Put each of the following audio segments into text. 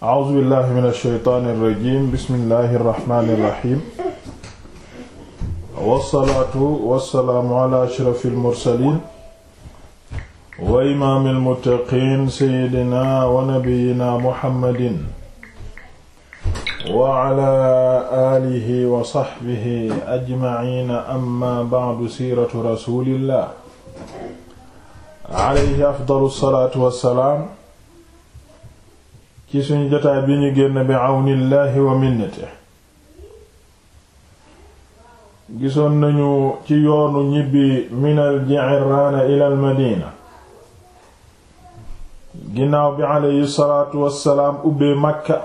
a'uuzu billahi min ash-shaytaani irrajim bismillahi irrahmani irrahim wassalaatu wassalaamu ala ashrafi almursalin wa imaam almuttaqiin sayidina wa nabiyina muhammadin wa ala alihi wa sahbihi ajmaciina amma bacdu siiratu rasulillah alayhi afdalu salaatu wassalaam ci suñu jotaay bi ñu génn bi àwnillaahi wa minnati gisoon nañu ci yoonu ñibbi minal Ji'irraana ilal Madina ginnaaw bi aleyhi salaatu ubbee Makka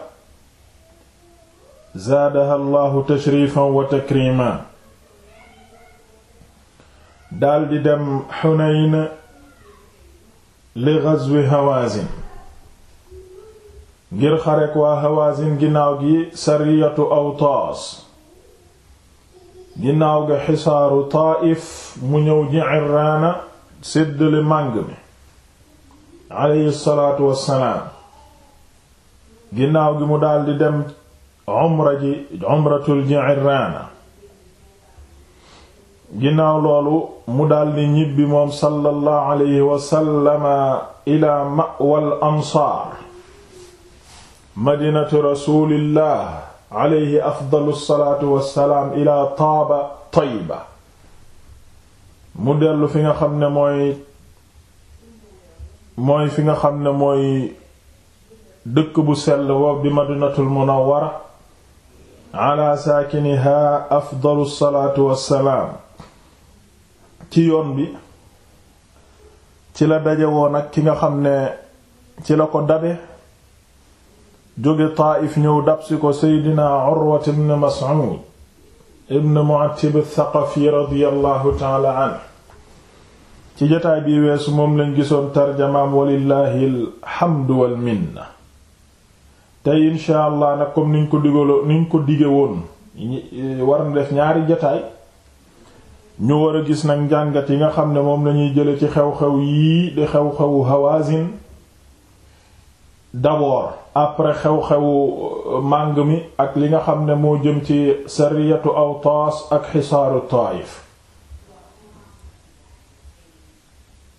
zaadaha llahu tashrifan wa takriman daldi dem Xunayn li gazwi Hawaazin ngir xarek waa Hawazin ginnaaw gi sariyatu Awtaas ginnaaw ga xisaaru Taa'if mu ñëw Ji'irraana séddale màng mi aleyhi salaatu wassalaam ginnaaw gi mu daldi dem umra ji umratul Ji'irraana ginnaaw loolu mu daldi ñibbi moom sallallahu alayhi wasallama ila ma'wal ansaar madinatu rasulillah alayhi afdalu salaatu wassalaam ila taaba tayba mu dellu fi nga xam ne mooy mooy fi nga xam ne mooy dëkk bu sell wa bi madinatul munawwara ala saakiniha afdalu salaatu wassalaam ci yoon bi ci la daje woon ak ki nga xam ne ci la ko dabe jóge Taayif ñëw dabsi ko seydina Urwat ibn Mas'ud ibn Mu'attib ath-Thaqafi radiyallahu ta'ala anhu ci jotaay bi weesu moom lañ gisoon tarjamaam walillahi alhamdu wal minna tey insha allah nag comme niñ ko digaloo niñ ko dige woon war na def ñaari jotaay ñu war a gis nag njàngat yi nga xam ne moom lañuy jële ci xew-xew yii di xew-xewu Hawazin d'abord après xew-xewu euh, màng mi ak li nga xam ne moo jëm ci sariyatu Awtaas ak xisaaru Taayif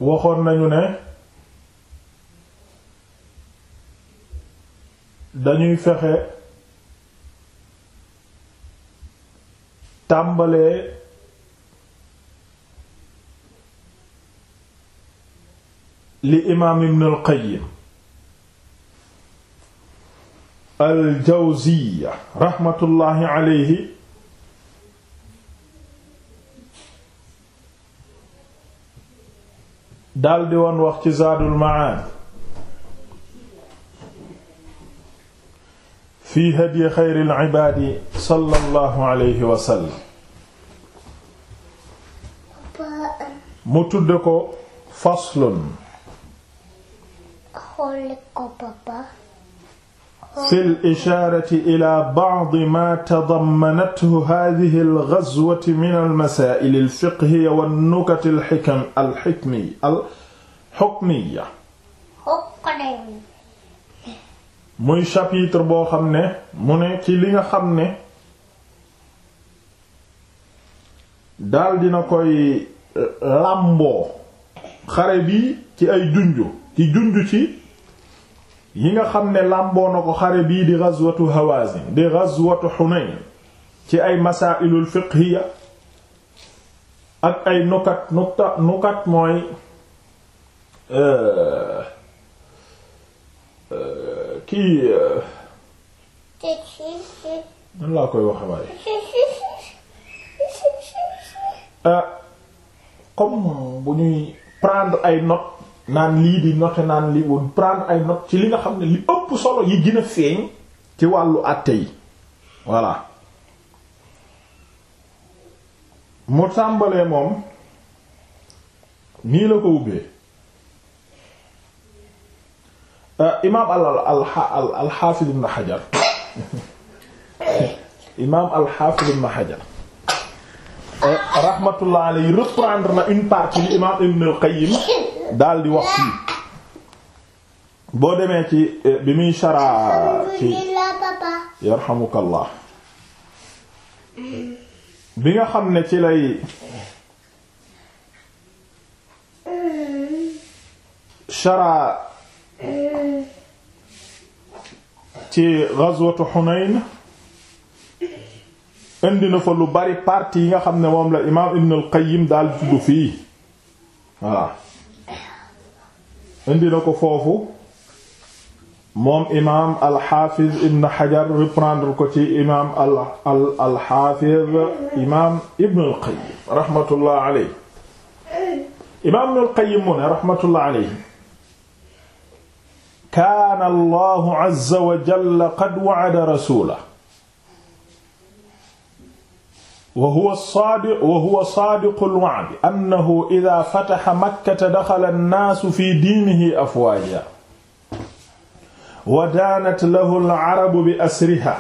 waxoon nañu ne dañuy fexe tàmbalee li imaam Ibn qayyim aljawziya raxmatullahi aleyhi daldi woon wax ci zaadul ma'aad fi hadyi xayril ibaadi sallallahu aleyhi wa sallam mu tudde ko faslun fi al-ishaarati ilaa ba'di maa tadammanathu haadhihi al-ghazwatu min al-masaa'il al-fiqhiyya wan-nukat al-hikam muy chapitre boo xam ne mu ne ci li nga xam ne daal na koy eh, làmboo xare bi ci ay junju ci junju ci yi nga xam ne làmboo ko xare bii di ghazwatu hawazin di ghazwatu hunain ci ay masailul fiqhiya ak ay nukat nukta nukat mooy euh, euh, kii euh, nan laa koy waxe waaye comme bu ñuy prendre ay not naan lii di noter naan lii woon prendre ay notes ci li nga xam ne li ëpp solo yi gën feeñ ci wàllu àtte yi voilà mu tàmbalee moom nii la ko ubbee euh, imaam al alxaafid ibn xajar imaam alxaafid ibn xajar euh, rahmatullah alayhi reprendre na une partie li imaam ibn al qayyim daal di wax boo demee ci eh, bi muy shara ci yarhamukallah bi nga xam ne ci lay shara ci ghazwatu Hunayn indi na fa lu bari parti yi nga xam ne moom la imaam Ibn al-Qayyim daal juddu fii indi na ko foofu moom imaam alxaafiz ibn xajar reprendre ko ci imaam al al alxaafiz imaam ibn alqayim rahmatullah aleyhi imaam ibn alqayim mu ne rahmatullah aleyhi kaana allahu azza wa jalla qad wa'ada rasulahu wa huwa saadiq wa huwa saadiqul wa'd annahu idhaa fataha makkata dakhala an-naasu fii diinihi afwaaja wa daanat lahu al-arabu bi asriha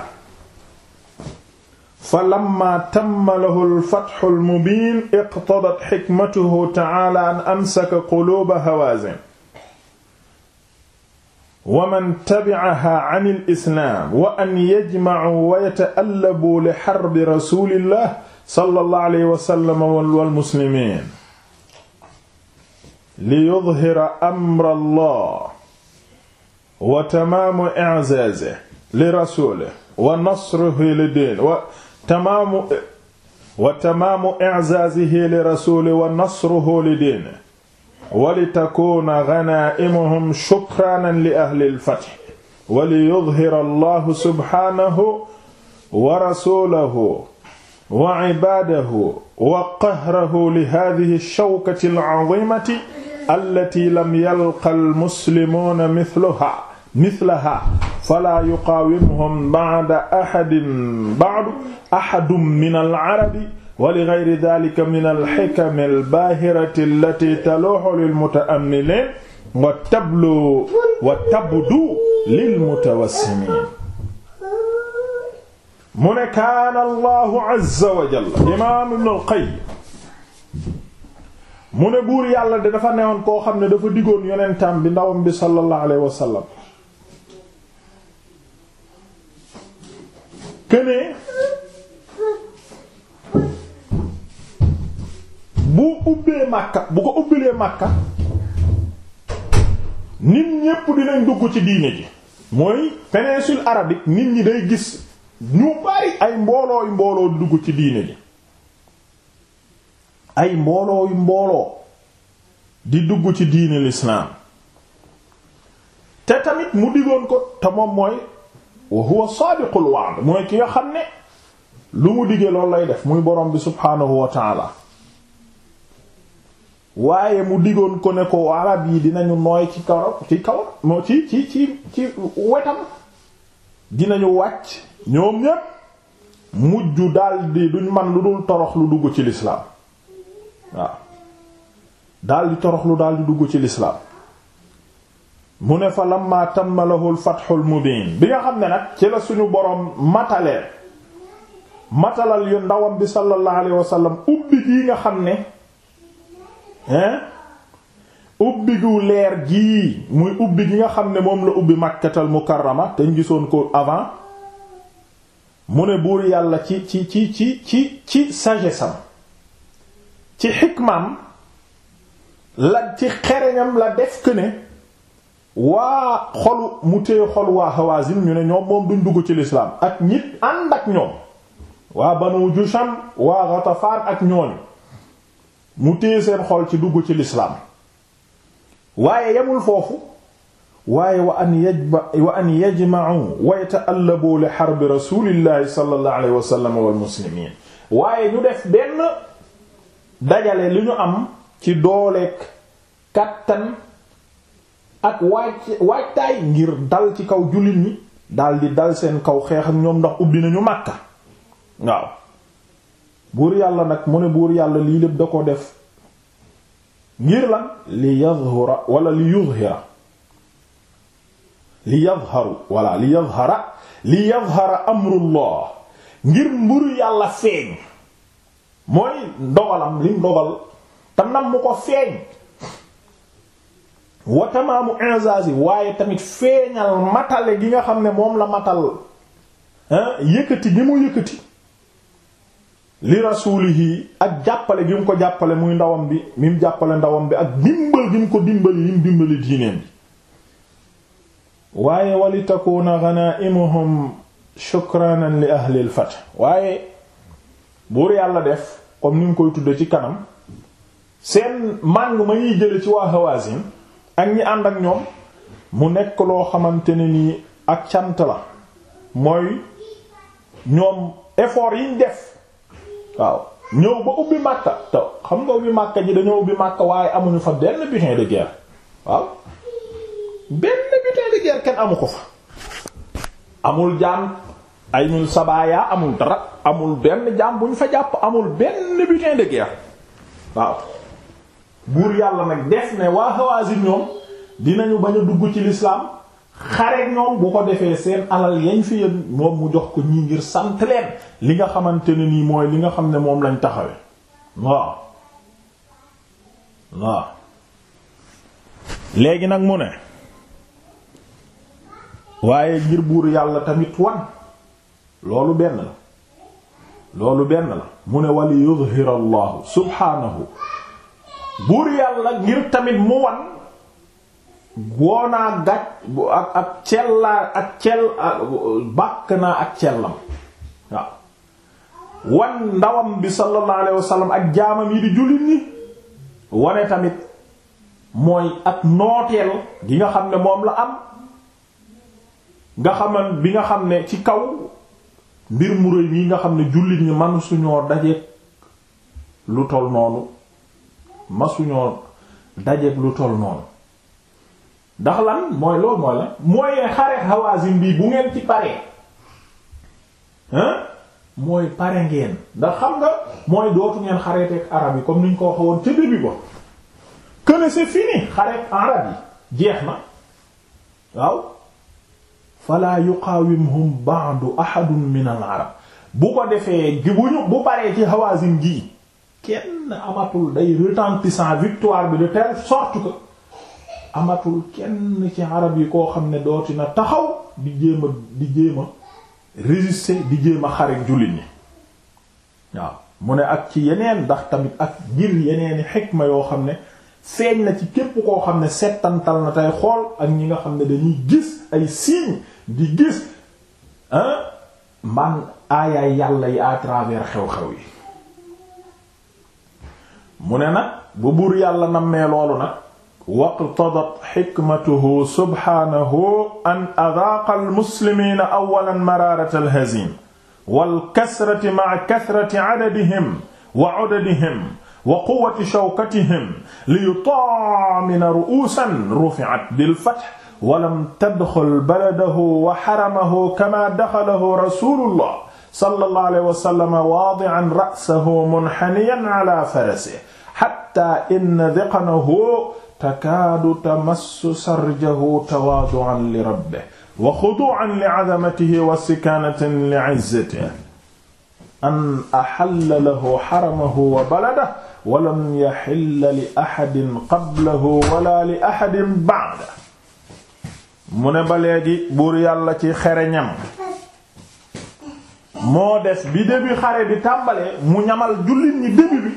falammaa tamma lahu al-fathu al-mubiin iqtadat hikmatuhu ta'aalaa an amsaka quluuba hawaazin wa man tabi'aha an al-islaam wa an yajma'u wa yata'allabu li harbi rasulillah sallallahu alayhi wa sallam wal muslimiin li yudhhira amra Allah wa tamaamu i'zaazihi li rasuulihi wa nasrihi li diinihi wa tamaamu wa tamaamu i'zaazihi li rasuulihi wa nasrihi li diinihi walitakuuna ganaa'imuhum shukraanan li ahlil fath waliyudhira allahu subhaanahu wa rasuulahu wa cibaadahu wa qahrahu li haadihi shawkati alcaziimati allatii lam yalqa almuslimuuna mithlahaa mithlahaa falaa yuqaawimuhum bacda axadin bacdu axadun min alcarabi wa li gayri daalika min alxikami albaahirati allati taluuxu lilmuta'ammiliin wa tablu wa tabdu lilmutawassimiin mu ne kaana allahu azza wa jalla imaam ibn al-Qayyim mu ne buur yàlla de dafa newoon koo xam ne dafa diggoon yonentam bi ndawam bi sallallahu alayhi wa sallam kënee bu ubbee Makka bu ko ubbilee Makka nit ñépp dinañ dugg ci diine ji mooy péninsule arabique nit ñi day gis ñu bari ay mboolooy mbooloo dugg ci diine ji ay mboolooyu mbooloo di dugg ci diine l'islam te tamit mu digoon ko te moom mooy wa huwa sadiqul mooy ki nga xam ne lu mu digee loolu lay def muy borom bi subhaanahu wa ta'ala waaye mu digoon ko ne ko arab yi dinañu nooy ci kaw ci kaw moo ci ci ci ci wetam dinañu wàcc ñoom ñépp mujj daldi duñ man lu dul torox lu dugg ci lislaam waaw daldi torox lu daldi dugg ci lislaam mu ne fa lamma tamma lahu al bi nga xam ne nag ci la suñu boroom matalee matalal yu ndawam bi sallallahu alayhi wa ubbi gi nga xam ne hein ubbi gu leer gii muy ubbi gi nga xam ne moom la ubbi makkatal mukarrama te ñu gisoon ko avant mu ne buur yàlla ci ci ci ci ci ci sagesse am ci xikmaam la ci xereñam la def que ne waa xolu mu téye xol waa Hawazin ñu ne ñoom moom duñ dugg ci lislaam ak ñit ànd ak ñoom waa Banu Jusham waa Ghatafan ak ñooñu mu téye seen xol ci dugg ci lislaam waaye yemul foofu waaye wa an yajma wa an yajma'u wa yata'allabu li harbi rasulillahi sallallahu alayhi wa sallam waaye ñu def benn dajale li ñu am ci dooleek kattan ak waaj waajtaay ngir dal ci kaw jullit ñi dal di dal seen kaw xeex ak ñoom ndox ubbi nañu Makka waaw buur yàlla nag mu ne buur yàlla lii lépp da ko def ngir lan li yadhura wala li yudhira li yadharu wala li yadhara li yadhara amrullah ngir mburu yàlla feeñ mooy ndogalam lim ndogal te nam mu ko feeñ wa tamaamu waaye tamit feeñal matale gi nga xam ne moom la matal yëkkati gi mu yëkkati li rasuulihi ak jàppale gi mu ko jàppale muy ndawam bi mi mu jàppale ndawam bi ak dimbal gi mu ko dimbali yi mu dimbali diineem bi waaye wali takuuna ghanaaimuhum shukranan li ahlil fath waaye buur yàlla def comme ni mu koy tudde ci kanam seen màng ma ñuy jële ci waa Hawazin ak ñi ànd ak ñoom mu nekk loo xamante ne nii ak cant la mooy ñoom effort yiñ def waaw ñëw ba ubbi Makka te xam nga ubbi Makka ji dañoo ubbi Makka waaye amuñu fa benn butin de guerre waaw benn butin de kenn amu ko fa amul jaan ay ñun sabaaya amul dara amul benn jaam bu ñu fa jàpp amul benn butin de guerre waaw buur yàlla nag def ne waa Hawazin ñoom dinañu bañ a dugg ci l'islam xare ñoom bu ko defee seen alal yañ fi yéen moom mu jox ko ñii ngir sant leen li nga xamante ne nii mooy li nga xam ne moom lañ taxawe waaw waaw léegi nag mu ne waaye ngir buur yàlla tamit wan loolu benn la loolu benn la mu ne wali yuzhir allahu subhaanahu buur yàlla ngir tamit mu wan woo naa gàj ak ak cellaa ak cell bàkk naa ak cellam waaw wan ndawam bi sallallahu alayhi ak jaamam yi di jullit ñi wane tamit mooy ak nooteel gi nga xam ne moom la am nga xaman bi nga xam ne ci kaw mbir mu rëy mi nga xam ne jullit ñi manu suñoo dajeek lu tol noonu ma suñoo dajeek lu tol noonu ndax lan mooy loolu mooy lan mooy xare Hawazin bi bu ngeen ci pare hein mooy pare ngeen ndax xam nga mooy dootu ngeen xareet xareeteeg arab yi comme ni ñu ko waxoon ca ko ba que fini xareet arab yi jeex na waaw fala yuqawimhum ba'du ahadun min bu ko defee gi bu ñu bu paree ci Hawazin gi kenn amatul day retentissant victoire bi de telle sorte ko amatul kenn ci arab yi koo xam ne dooti na taxaw di jéem a di jéema a résister di xare jullit waaw mu ne ak ci yeneen ndax tamit ak ngir yeneeni xikma yoo xam ne feeñ na ci képp koo xam ne settantal na tey xool ak ñi nga xam ne dañuy gis ay signes di gis ah man aayaay yàlla yi à travers xew-xew yi mu ne nag bu buur yàlla nammee loolu nag waqtadat xikmatuhu subhaanahu an adaaqa almuslimiina awalan maraarata alhaziim walkasrati ma'a kasrati adadihim wa udadihim wa quwwati shawkatihim liyutaamina ru'uusan rufi'at bilfath walam tadxul baladahu wa xaramahu kamaa daxalahu rasuulullah sallallahu alayhi wa sallam waadi'an ra'sahu munhaniyan ala farasihi hattaa inna diqanahu takaadu tamassu sarjahu tawaadu'an li rabbihi wa xuduu'an li 'azamatihi wa sikaanatan li 'izzatihi an ahalla lahu haramahu wa baladahu wa lam yahilla li ahadin qablahu wala li ahadin ba'dahu mu ne ba léegi buur yàlla ci xereñam moo def bi début xare bi tàmbalee mu ñamal jullit ñi début bi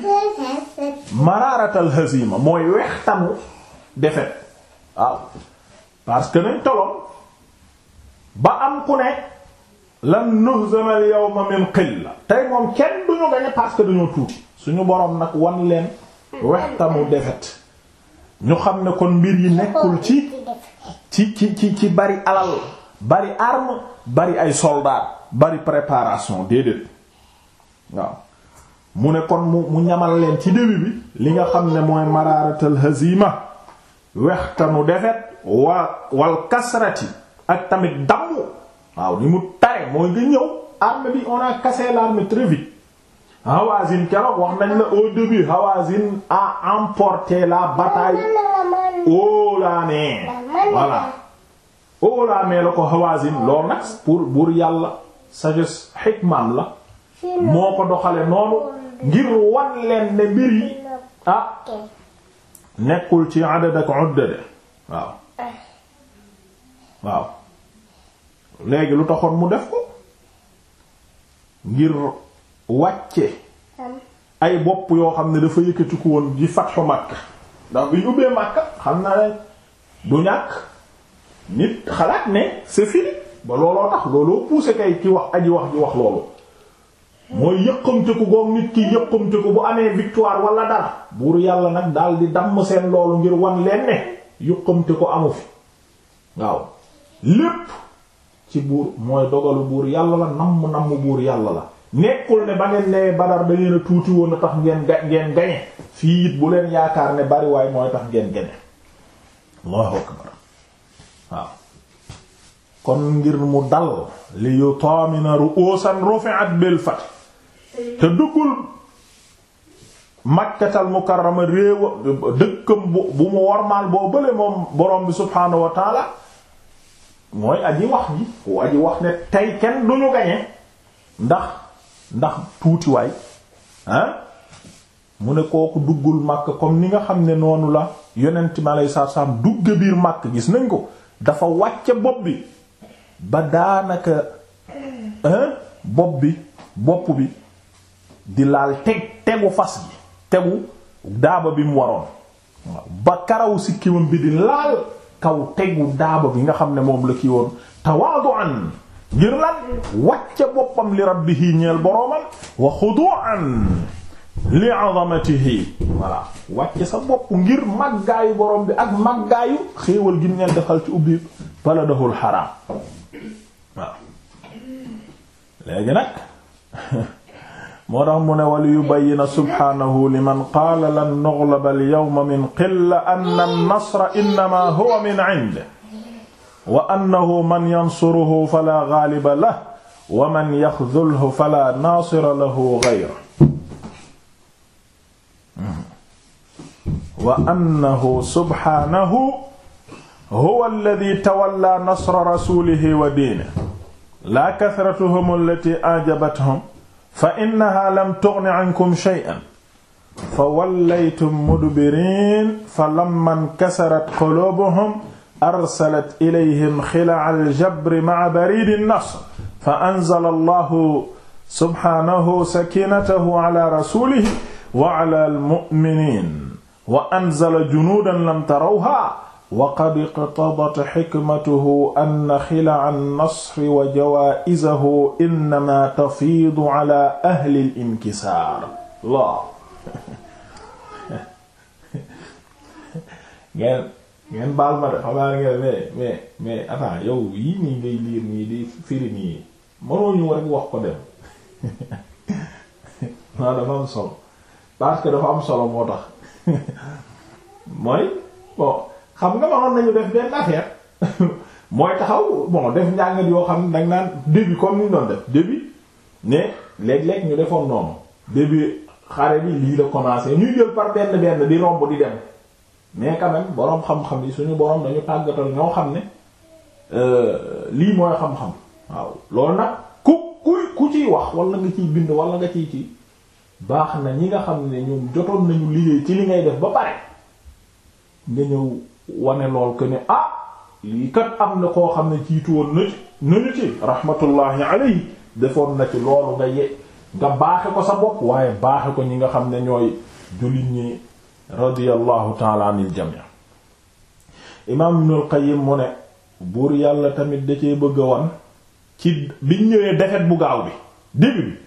maraaratal hazima mooy wextamu defet waaw parce que nañ toloon ba am ku ne lan yow al yawma min qilla tey moom kenn duñu gañe parce que dañoo tuuti suñu boroom nag wan leen wextamu défaite ñu xam ne kon mbir yi nekkul ci ci ci ci ci bari alal bari arme bari ay soldat bari préparation déedéet waaw mu ne kon mu mu ñamal leen ci début bi li nga xam ne mooy maraaratal hazima wextanu defet waa wal kasrati ak tamit dammu waaw ni mu tare mooy nga ñëw arme bi on a cassé l'arme très vite Hawazin keroog wax nañ la au début Hawazin a emporté la bataille haut la main la ko Hawazin loolu nag pour buur yàlla sagesse xikmaam la moo ko doxale noonu ngir wan leen ne mbir yi ah nekkul ci adad ak de waaw waaw léegi lu taxoon mu def ko ngir wàcce ay bopp yoo xam ne dafa yëkkatiku woon ji fatxu Makka ndax bi ñu ubbee Makka xam naa ne du ñàkk nit xalaat ne c'est fini ba looloo tax looloo poussé kay ci wax aji wax ji wax loolu mooy yëqamteku goom nit ki yëqamteku bu amee victoire wala dara buur yàlla nag daal di damm seen loolu ngir wan leen ne yëqamteku amu fi waaw lépp ci buur mooy dogalu buur yàlla la namm namm buur yàlla la nekkul ne ba ngeen nee badar da ngeen tuuti woon a tax ngeen ga ngeen gañe fii it bu leen yaakaar ne bari waay mooy tax ngeen gañe waaw kon ngir mu dal li yu taamina ru'usan rufi'at bil fath te duggul makkatal mukarrama réew dëkkam bu mu wormaal boo bële moom borom bi subhaanahu wa taala mooy aji wax ji fu aji wax ne tey kenn du ñu gañe ndax ndax tuutiwaay ah mu ne kooku duggul màkk comme ni nga xam ne noonu la yonent mi aleyhi salaatu salaam dugge biir màkk gis nañ ko dafa wàcce bopp bi ba daanaka bopp bi bopp bi di laal teg tegu fas gi tegu daaba bi mu waroon ba karaw sikkiwam bi di laal kaw tegu daaba bi nga xam ne moom la kii woon tawaadu'an ngir lan wàcce boppam li rabbihi ñeel boroomam wa xudu'an li 'azamatihi voilà wàcce sa bopp ngir màggaayu borom bi ak màggaayu xéewal gi mu leen defal ci ubbi baladahul xaraam waaw léegi nag moo tax mu ne wal yubayyina subhaanahu liman qaala lan nughlaba al yawma min qilla anna an-nasra innamaa huwa min 'indihi wa annahu man yansuruhu falaa ghaaliba lahu wa man yaxzulhu falaa naasira lahu ghayruhu wa annahu subhaanahu huwa alladhi tawalla nasra rasulihi wa diinihi laa kasratuhum allati ajabathum fa innaha lam tughni ankum shay'an fa wallaytum mudbiriin fa lamma inkasarat quluubuhum arsalat ilayhim xila'a al-jabri ma'a bariidi an-nasr fa anzala allahu subhaanahu sakiinatahu ala rasuulihi wa ala al-mu'miniin wa anzala junuudan lam tarawhaa waqad iqtadat xikmatuhu anna xilaa nasri wa jawaa'izahu innamaa tafiidu ala ahli al-inkisaar la ngeen ngeen baal ma de xamaa ngeen mais mais mais attends yow yii nii ngay liir nii di firi nii mënoo ñu rekk wax ko dem non dafa am solo parce que dafa am solo moo tax mooy bon. xam nga mënoon nañu def benn affaire mooy taxaw bon def njàngat yoo xam ne da nga naan début comme ni ñu doon def début ne léeg-léeg ñu defoon noonu début xare bi lii la commencé ñuy jël par benn benn di romb di dem mais quand boroom xam-xam yi suñu boroom dañu tàggatal ñoo xam ne euh, lii mooy xam-xam waaw loolu nag ku ku ku ciy wax wala nga ciy bind wala nga ciy ci baax na ñi nga xam ne ñoom jotoon nañu liggéey ci li ngay def ba pare nga ñëw. wane lool que ni ah lii kat am na koo xam ne jiitu woon na ci nañu ci rahmatullahi alayhi defoon na ci loolu nga ye nga baaxe ko sa bopp waaye baaxe ko ñi nga xam ne ñooy jullit ñi radiyallahu taala anil jami' imaam Ibnul Qayyim mu ne buur yàlla tamit da cee bëgg a wan ci biñ ñëwee defet bu gaaw bi début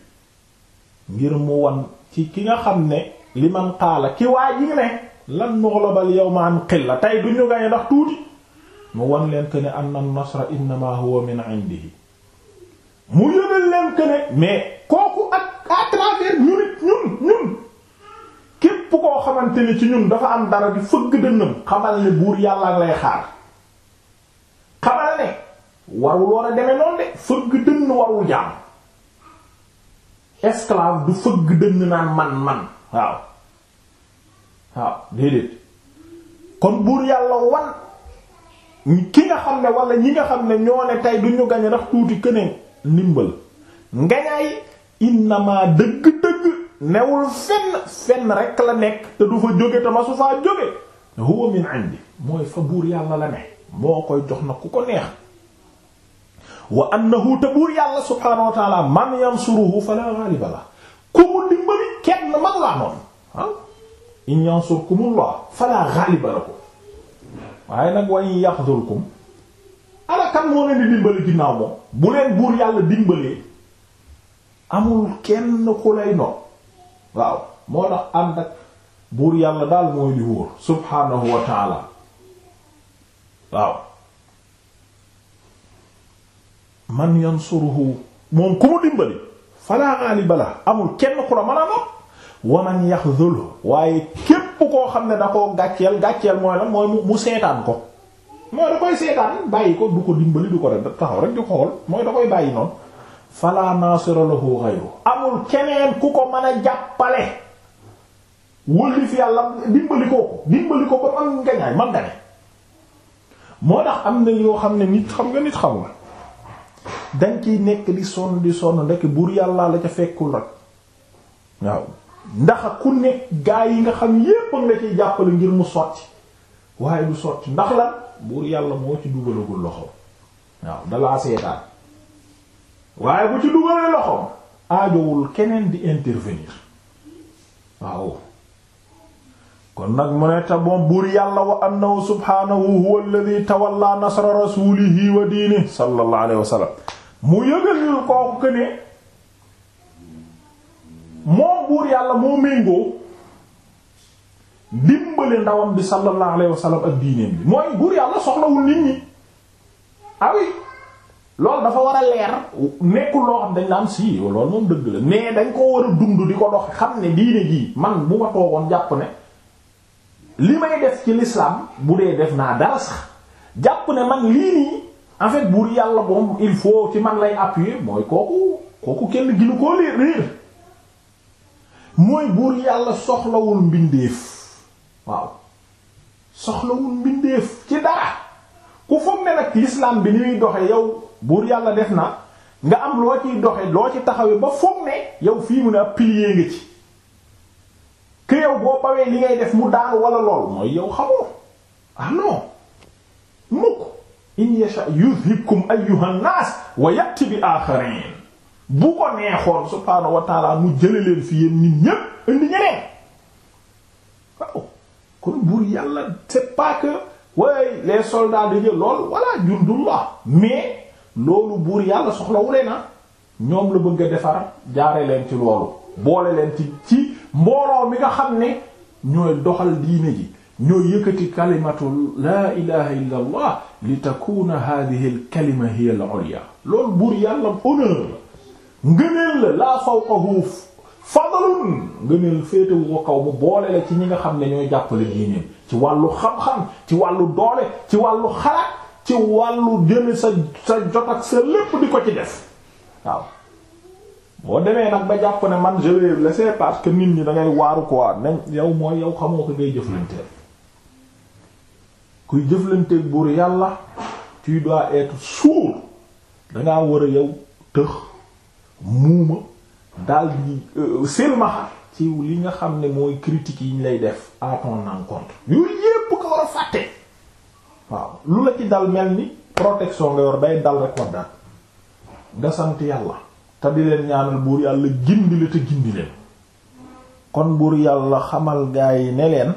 bi ngir mu wan ci ki nga xam ne li man xaala ki waa ji lan nughlabal yawma an qilla tey du ñu gañe ndax tuuti mu wan leen que ne anna nasra innama huwa min indihi mu yëgal leen que mais kooku ak à travers ñun it ñun ñun képp koo xamante ni ci ñun dafa am dara di fëgg dënnam xamal ne buur yàlla lay xaar xamal ne warul war a demee noonu de fëgg dënn warul jaam esclave du fëgg dënn naan man man waaw waaw déedéet kon buur yàlla wan ki nga xam ne wala ñi nga xam ne ñoo ne tey duñu gañe ndax tuuti kënee ndimbal ngañaay innama dëgg-dëgg newul fenn fenn rek la nekk te du fa jóge tama su faa jóge huwa min indi mooy fa buur yàlla la ne moo koy jox na ku ko neex wa na te buur yàlla subhaanahu wa ta'ala man yansuruhu fala ghaliba la ku mu dimbali kenn mag laa noonu ah. in yansurkumullah fala ghaliba lakum waaye nag wa in yaxdulkum ala kan moo leen di dimbali ginnaaw moom bu leen buur yàlla dimbalee amul kenn ku lay waaw moo tax ànd ak buur yàlla daal mooy li wóor subhaanahu wa waaw man yansuruhu moom ku mu dimbali fala ghaliba la amul kenn ku la mën waman yaxdhulhu waaye képp koo xam ne da koo gàcceel gàcceel mooy la mooy mu seetaan ko mooy da koy seetaan bàyyi ko du ko dimbali du ko rek da taxaw rek di ko xool mooy da koy bàyyi noonu fala nasira lahu ghayru amul keneen ku ko mën a jàppale wëlli yàlla dimbali ko dimbali ko ba man ngañaay man dane moo tax am na yoo xam ne nit xam nga nit xamul dañ ciy nekk di sonn di sonn ndekk buur yàlla la ca fekkul rek waaw ndax ku nekk gaa yi nga xam yépp nga ciy jàppale ngir mu sotti waaye du sotti ndax la buur yàlla moo ci dugalagul loxo waaw dalaa seetaan waaye bu ci dugalee loxoom aajowul keneen di intervenir waaw kon nag mu ne ta moom buur yàlla wa annahu subhaanahu huwa alladhi tawalla nasra rasulihi wa diinihi sallallahu alayhi wa mu yëgal kooku ne moom buur yàlla moo méngoo dimbale ndawam bi sallallahu alayhi wa sallam ak diineem bi mooy buur yàlla soxlawul nit ñi awi ah loolu dafa war a leer nekkul loo xam ne dañ la am si loolu moom dëgg la mais dañ koo war a dund di ko dox xam ne diine gii man bu ma toogoon jàpp ne li may def ci l'islam bu dee def naa dara sax jàpp ne man lii nii en fait buur yàlla boom il faut ci man lay appuyer mooy kooku kooku kenn ginu koo liir mooy buur yàlla soxlawul mbindeef waaw soxlawul mbindeef ci dara ku foog ne nag l'islam bi ni muy doxe yow buur yàlla def na nga am loo ciy doxe loo ci taxawee ba foog ne yow fii mu ne ab pilier nga ci que yow boo li ngay def mu daanu wala lool mooy yow xamoo ah mukk in yasha yuzhibkum ayyuhan nas wa yati bi akharin bu ko neexoon subhaanahu wa mu jële leen fi yéen nit ñépp indi ñeneen waaw kon buur yàlla c'est pas que way les lool walla jundullah mais loolu buur yàlla soxlawulee na ah. ñoom la bëgg a defar jaare leen ci loolu boole leen ci ci mbooloo mi nga xam ne ñooy doxal diine ji ñooy yëkkati kalimatu laa ilaha illa allah li takuna hadhihi kalima hiya al ulya loolu buur yàlla honneur la ngëneel la laa fawqahu fadlun ngëneel féetewu ko kaw mu boole la ci ñi nga xam ne ñooy jàppale diineen ci wàllu xam-xam ci wàllu doole ci wàllu xalaat ci wàllu jëme sa sa jot ak demee nag ba jàpp ne man je vais laisser parce que nit ñi dangay ngay waaru quoi nañ yow mooy yow xamoo ko ngay jëflanteel kuy jëflanteeg buur yàlla tu dois être sourd dangaa war a yow tëx muuma daal di euh, silmaxa ci li nga xam ne mooy critiques yi ñu lay def à ton encontre yooyu yépp ko war a fàtte waaw lu la ci dal mel ni protection nga yor day dal rek war daal nga sant yàlla te di leen ñaanal buur yàlla gindi la te gindi leen kon buur yàlla xamal gaa yi ne leen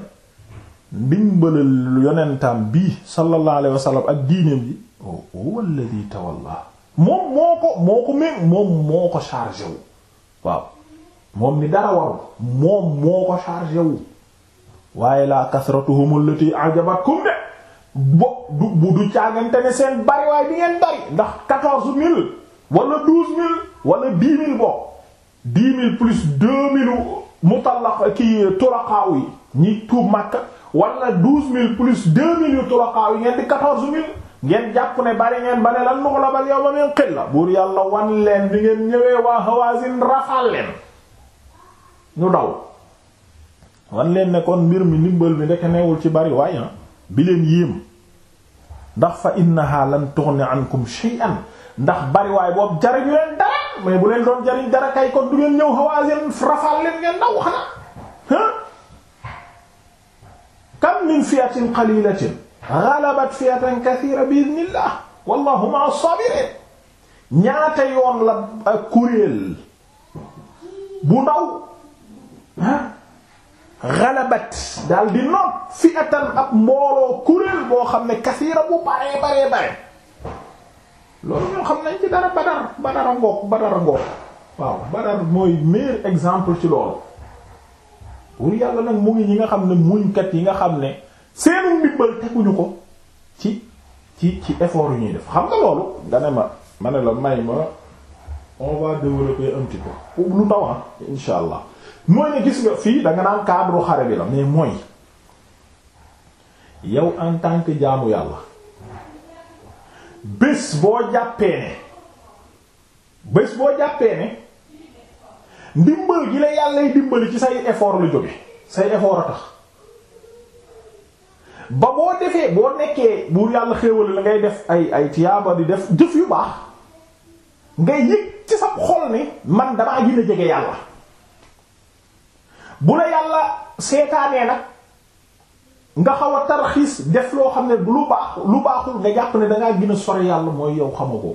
ndimbalal yonentam bii sallallahu alayhi wa sallam ak diineem ji huwa alladhi tawalla moom moo ko moo ko même moom moo ko chargé wu waaw moom ni dara waru moom moo ko chargé wu waaye laa kasratuhum allati ajabatkum de bo du bu du caagante ne seen bari bi ngeen bari ndax quatorze mille wala douze mille wala dix mille boo dix mille plus deux mille mutallaq ki turaqaa yi ñi tuub Makka wala douze mille plus deux mille yu turaqaa yi ngeen di quatorze mille ngeen jàpp ne bari ngeen ba ne lan nughlabal yawma min qilla buur yàlla wan leen bi ngeen ñëwee waa Hawazin rafal leen ñu daw wan leen nekkoon mbir mi ndimbal bi ndeke neewul ci bariwaay waaye ah, bi leen yéem ndax fa innaha lan tughni ankum shay'an ndax bariwaay boobu jariñu leen dara mais bu leen doon jariñ dara kay kon du ngeen ñëw Hawazin rafal leen ngeen daw xanaa ah kam min fi'atin qalilatin ghalabat fi'atan kathira bi idhnillah wallahu ma'a as-sabirin ñaata yoon la ak kuréel bu ndaw ah ghalabat daal di noot fi'atan ab mbooloo kuréel boo xam ne kathira bu baree baree bare loolu ñoo xam nañ ci dara badar badara ngoog badara ngoog waaw badar mooy meilleur exemple ci loolu pour yàlla nag mu ngi ñi nga xam ne muñkat yi nga xam ne seenu ndimbal teguñu ko ci ci ci effort yu ñuy def xam nga loolu nga ne ma ma ne la may ma on va développer un petit peu lu ndaw ah insha allah mooy ne gis nga fii danga naan cadre xare bi la mais mooy yow en tant que jaamu yàlla bés boo jàppee ne bés boo jàppee ne ndimbal gi la yàlla dimbali ci say effort lu jóge say effort a tax ba boo defee boo nekkee buur yàlla xéewal la ngay def ay ay tiyaaba di def jëf yu baax ngay yëg ci sa xol ni man damaa gën a jege yàlla bu la yàlla seetaanee nag nga xaw a tarxiis def loo xam ne lu baax lu baaxul nga jàpp ne dangaa gën a sori yàlla mooy yow xamagoo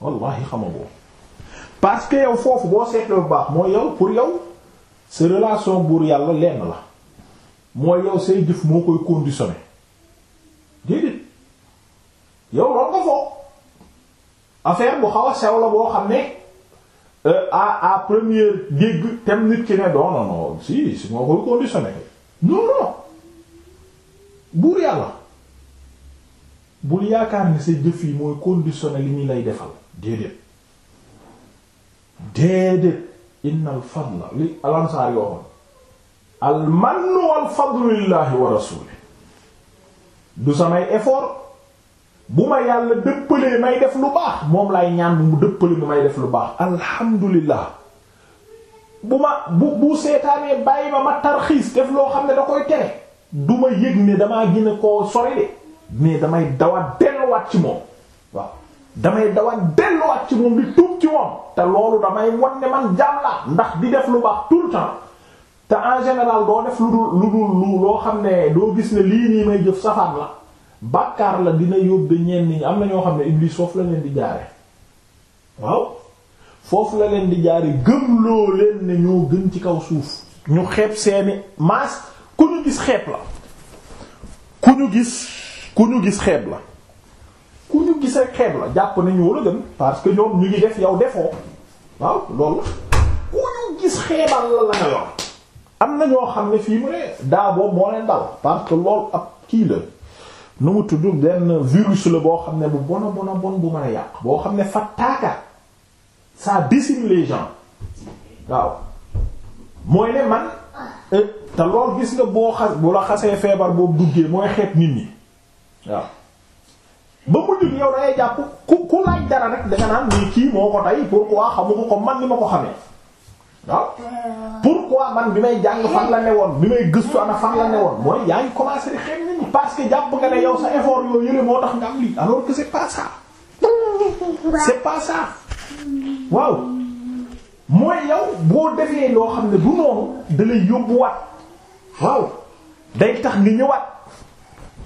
wallahi xamagoo parce que yow foofu boo seetlee bu baax mooy yow pour yow sa relation buur yàlla lenn la mooy yow say jëf moo koy conditionné déedéet yow loolu nga foog affaire bu xaw a sew la boo xam ne euh, à à première dégg tem nit ki ne non non non si si moo koy conditionné non non buur yàlla bul yaakaar ni say jëf yi mooy conditionné li ñu lay defal déedéet déedéet innal fadla li alansaar yoo xam al mannu wal fadlu lillahi wa rasuli du samay effort bu ma yàlla dëppalee may def lu baax moom lay ñaan mu dëppale bu may def lu baax alhamdulillah bu ma bu bu seetaanee bàyyi ma ma tarxiis def loo xam ne da koy tere du ma yëg ne damaa gën koo sori de mais damay dawaat delluwaat ci moom waaw damay dawa delluwaat ci moom di tuub ci moom te loolu damay wan ne man jaam laa ndax di def lu baax tout le te en général doo def lu dul lu dul loo xam ne doo gis ne lii nii may jëf safaan la bàkkaar la dina yóbbe ñenn ñi am na ñoo xam ne Iblis foofu la leen di jaare waaw foofu la leen di jaare gëm loo leen ne ñoo gën ci kaw suuf ñu xeeb seeni maas ku ñu gis xeeb la ku ñu gis ku ñu gis xeeb la ku ñu gis rek xeeb la jàpp ne ñoo la gën parce que ñoom ñu ngi def yow defoo waaw loolu ku ñu gis xeebal la la nga yor am na ñoo xam ne fii mu ne daa moo leen dal parce que lool ab kii la nu mu tudd benn virus la boo xam ne bu bona bona bu mën yàq boo xam ne fattaaka ça décime les gens waaw mooy ne man eh, te lool gis nga boo xas bu la xasee feebar boobu duggee mooy xeet nit ñi waaw ba mu dig yow dangay jàpp ku ku laaj dara rek danga naan nii kii moo ko tey pourquoi xamu ko ko man ni ma ko xamee waaw pourquoi man bi may jàng fan la ne woon bi may gëstu ana fan la ne woon mooy yaa ngi commencé di xeeñ nit ñi parce que jàpp nga ne yow sa effort yoo yële moo tax nga am lii alors que c'est pas ça c'est pas waaw mooy yow boo defee loo xam ne du noonu da lay yóbbuwaat waaw day tax nga ñëwaat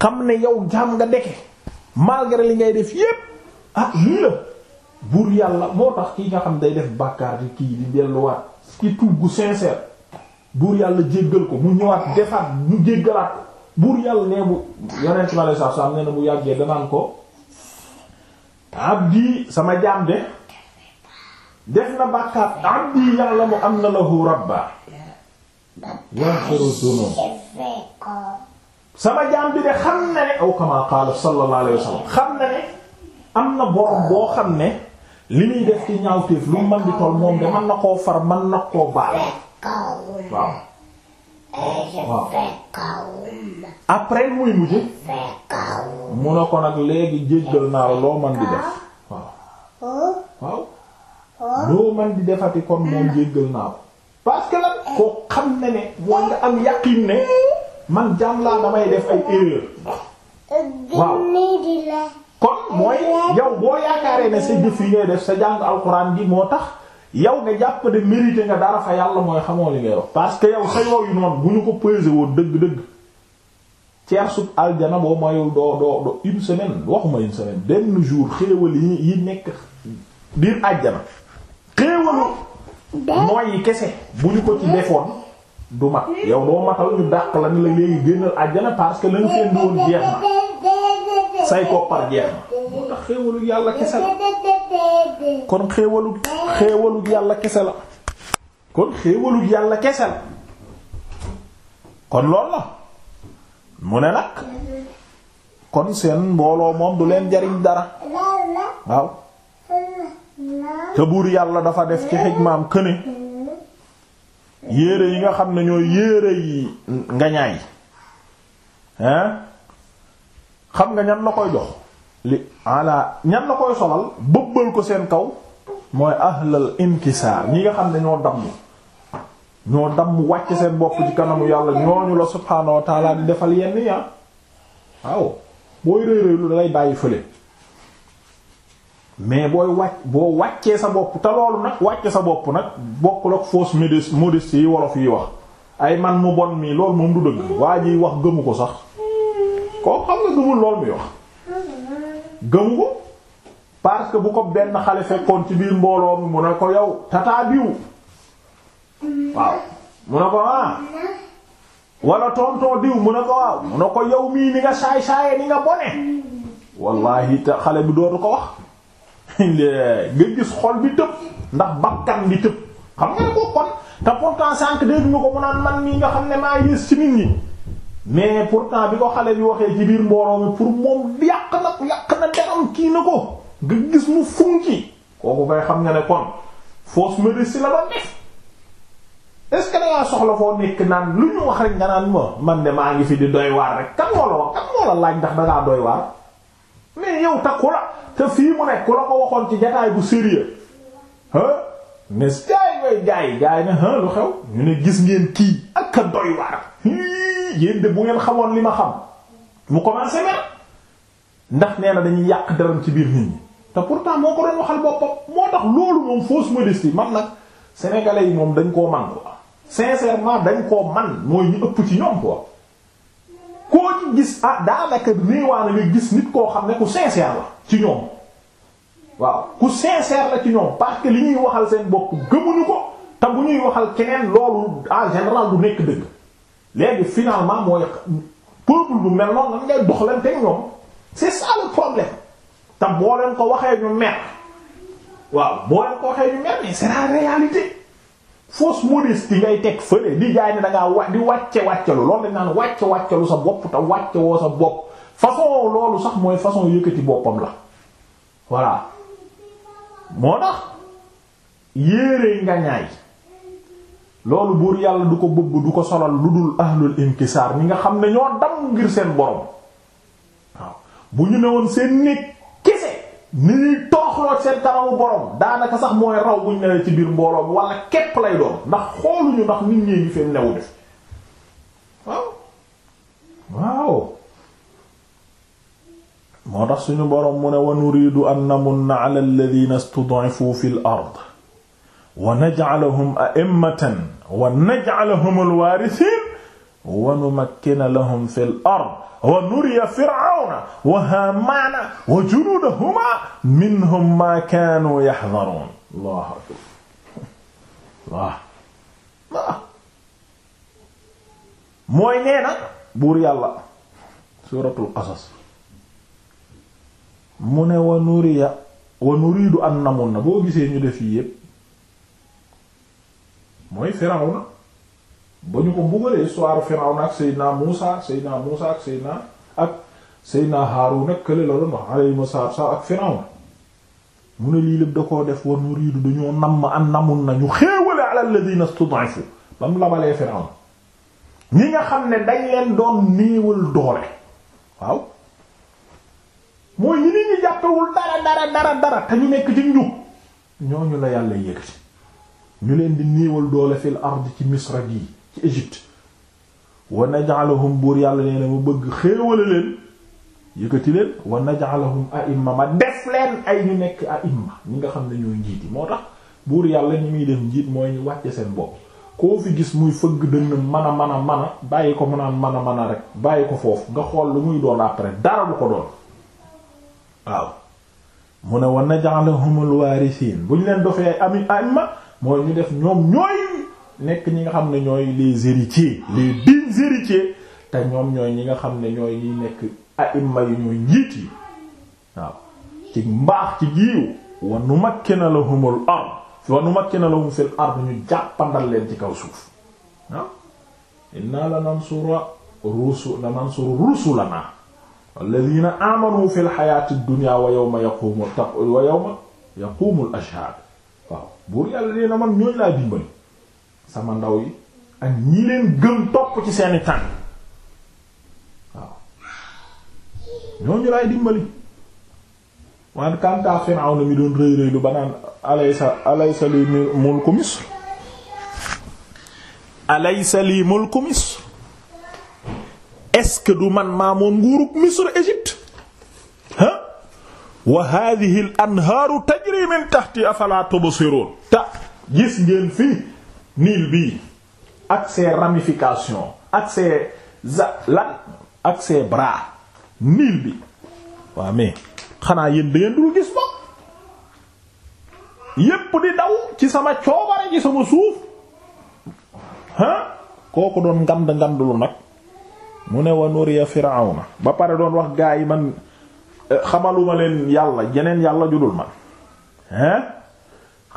xam ne yow jaam nga dekke malgré li ngay def yépp ah lii la buur yàlla moo tax kii nga xam day def bàkkaar di kii di delluwaat ci tuub gu sincère buur yàlla jéggal ko mu ñëwaat defaat ñu jéggalaat ko buur yàlla nee mu yonent ma lay bu yàggee danaan ko abdi sama jaam de def na bàkkaar yàlla mu am na lahu rabba yaghfiru dunub sama jaam bi de xam na ne aw kama qaala sallallahu alayhi xam na ne am na borom boo xam ne li muy def ci ñaawteef lu man di toll moom de mën na koo far man na koo baal waaw waaw après muy mujj mu ne ko nag léegi jéggal naa loo man di def waaw waaw loo man di defati kon moom jéggal naa ko parce que lan xam ne ne mooy nga am yaqin ne man jaam laa damay def ay erreur waaw kon mooy yow boo yaakaaree ne sa jëf yi ngay def sa jàng alxuraan gi moo tax yow nga jàpp de mérité nga dara fa yàlla mooy xamoo li ngay wax parce que yow sa yooyu noonu bu ñu ko pesé woon dëgg-dëgg ceer sub aljana boo mayul doo doo doo une semaine waxuma une semaine benn jour xéewal yi nekk biir àjjana xéewalu nooy yi kese bu ñu ko ci defoon du mat yow doo matal ñu dàq la ni la léegi génnal àjjana parce que lañ seen di woon jeex na say koppar jeex na moo tax xéewalu yàlla kese la kon xéewalu yàlla kese la kon xéewalu yàlla kese kon lool la mu ne nag kon seen mbooloo moom du leen jariñ dara waaw te buur yàlla dafa def ci xikmaam këne yére yi nga xam ne ñooy yére yi ngañaay hein xam nga ñan la koy dox li ala ñan la koy solal bëbbal ko seen kaw mooy ahlal inkisaar ñi nga xam ne ñoo damm ñoo mu wàcc seen bopp ci kanamu yàlla ñooñu la subhaanahu wa taala di defal yenn yaa ah. waaw booy rëy rëy lu dalay bàyyi fële mais booy wàcc boo wàccee sa bopp te loolu nag wàcce sa bopp nag bokkul ak fausse modestie yi wolof yi wax ay man mu bon mii loolu moom du dëgg waa jiy wax gëmu ko sax koo xam nga gëmul lool muy wax gëmu ko parce que bu ko benn xale fekkoon ci biir mbooloo mi mu ko yow tataa diw waaw mu ne ko ah wala tonton diw mu ne ko waaw mu ne ko yow mii ni nga saay saaye ni nga bone wallahi te xale bi doo dootu ko wax nga gis xol bi tëb ndax bakkan bi tëb xam nga ne ko kon te pourtant sànq dégg nga ko mu naan man mii nga xam ne maa yées ci nit ñi mais pour pourtant bi ko xale bi waxee ci biir mbooloo mi pour moom yàq na yàq na deram kii na ko nga gis mu funki kooku koy xam nga ne kon fausse modestie la ba def est-ce que dangaa soxla foo nekk naan lu ñu wax rek nga naan ma man de maa ngi fi di doy waar rek kan moo la wax kan moo la laaj ndax dangaa doy waar mais yow ta ku la te fii mu nekk ku la ko waxoon ci jataay bu sérieux ah mais gaay way gaay gaay na lu xew ñu ne gis ngeen kii ak a doy waar yéen de bu ngeen xamoon li ma xam mu commencé mer ndax nee na dañuy yàq deram ci biir nit te pourtant moo ko doon waxal boppam moo tax loolu moom fausse modestie man nag sénégalais yi moom dañ koo man quoi sincèrement dañ koo man mooy ñu ëpp ci ñoom ko koo ci gis ah daanaka néewaana nga gis nit koo xam ne ku sincère la ci ñoom waaw ku sincère la ci ñoom parce que li ñuy waxal seen bopp gëmuñu ko te bu ñuy waxal keneen loolu en général du nekk dëgg léegi finalement mooy peuple bu mel noonu lan ngay doxalanteeg ñoom c'est ça problème te boo leen ko waxee ñu mer waaw boo leen ko waxee ñu mer mais c'est la réalité fausse modestie ngay teg fële di jaay ne da ngaa wa di wàcce wàccalu loolu dañ naan wàcce wàccalu sa bopp te wàcce woo sa bopp façon loolu sax mooy façon yëkkati boppam la voilà moo tax yéere nga ñaay. loolu buur yàlla du ko bëbb du ko solal lu dul ahlul inkisaar ñi nga xam ne ñoo dam ngir seen borom waaw bu ñu ne woon seen néeg kese ni ñuy tooxloo seen kanamu borom daanaka sax mooy raw bu ñu newee ci biir mbooloom wala képp lay doon ndax xooluñu ndax nit ñee ngi feen newu def waaw waaw moo tax suñu borom mu ne wa nuridu an namunna ala alladhina istud'ifu fil ard wa naj'alahum a'immatan wa naj'alahum al-warithin wa numakkina lahum fil ard wa nuriya fir'awna wa haamaana wa junuudahumaa minhum maa kaanuu yahdharuun. Allahu akbar. Waaw waaw mooy nee na buur yàlla suuratul qasas mu ne wa nuriya wa nuriidu an namunna boo gisee ñu def yépp mooy Firawna ba ñu ko mbugalee histoire Firawna ak Seydina Muusa Seydina Muusa ak Seydina ak Seydina Haaruna ak kële la doon wax alayhimu salaatu salaam ak Firawna mu ne lii lépp da koo def war nu riidu dañoo namm an namun nañu xéewale ala alladhina istud'ifu ba mu labalee Firawna ñi nga xam ne dañ leen doon néewal doole waaw mooy ñi nit ñi jàppewul dara dara dara dara te ñu nekk ci njub ñooñu la yàlla yëkkati ñu leen di niiwal doole fil ard ci misra gi ci Égypte wa naj'aluhum buur yàlla nee na ma bëgg xéewale leen yëkkati leen wa naj'aluhum a'imma ma def leen ay ñu nekk a'imma ñi nga xam ne ñu njiit yi moo tax buur yàlla ñu muy def njiit mooy wàcce seen bopp koo fi gis muy fëgg dënn man a man bàyyi ko mu man a man a rek bàyyi ko foofu nga xool lu muy doon après dara lu ko doon waaw mu ne wa naj'aluhum al-warithin bu ñu leen dofee ami a'imma mooy ñu def ñoom ñooy nekk ñi nga xam ne ñooy les héritiers les dignes héritiers te ñoom ñooy ñi nga xam ne ñooy ñi nekk aïmma yu ñooy njiit yi waaw ci mbaax ci giiw wa numakkina lahumul ard wa numakkina lahum fil ard ñu jàppandal leen ci kaw suuf waaw inna lanansura rusu lanansuru rusulana alladhina amanu fil hayatid dunya wa yawma yaqumu wa yawma yaqumul ashhad buur yàlla na man ñooñ laa dimbali sama ndaw yi ak ñi leen gëm topp ci seeni tànk waaw ñooñu laay dimbali waan kantaa Firawna mi doon rëy rëy lu ba naan alaysa alaysa li mulku Misr alaysa li mulku est-ce que du man maa moom nguurug Misr Égypte wa hadhihi al anhaaru tajri min tahti afala tubsirun ta gis ngeen fii niil bii ak ses ramifications ak ses lan ak niil bi waaw mais xanaa yéen da gis ba yépp di daw ci sama coobare ci sama suuf ah kooku doon ngand ngandlu nag mu ne wa nuriya firawna ba pare doon wax gaa yi man xamaluma leen yàlla yeneen yàlla judul man hein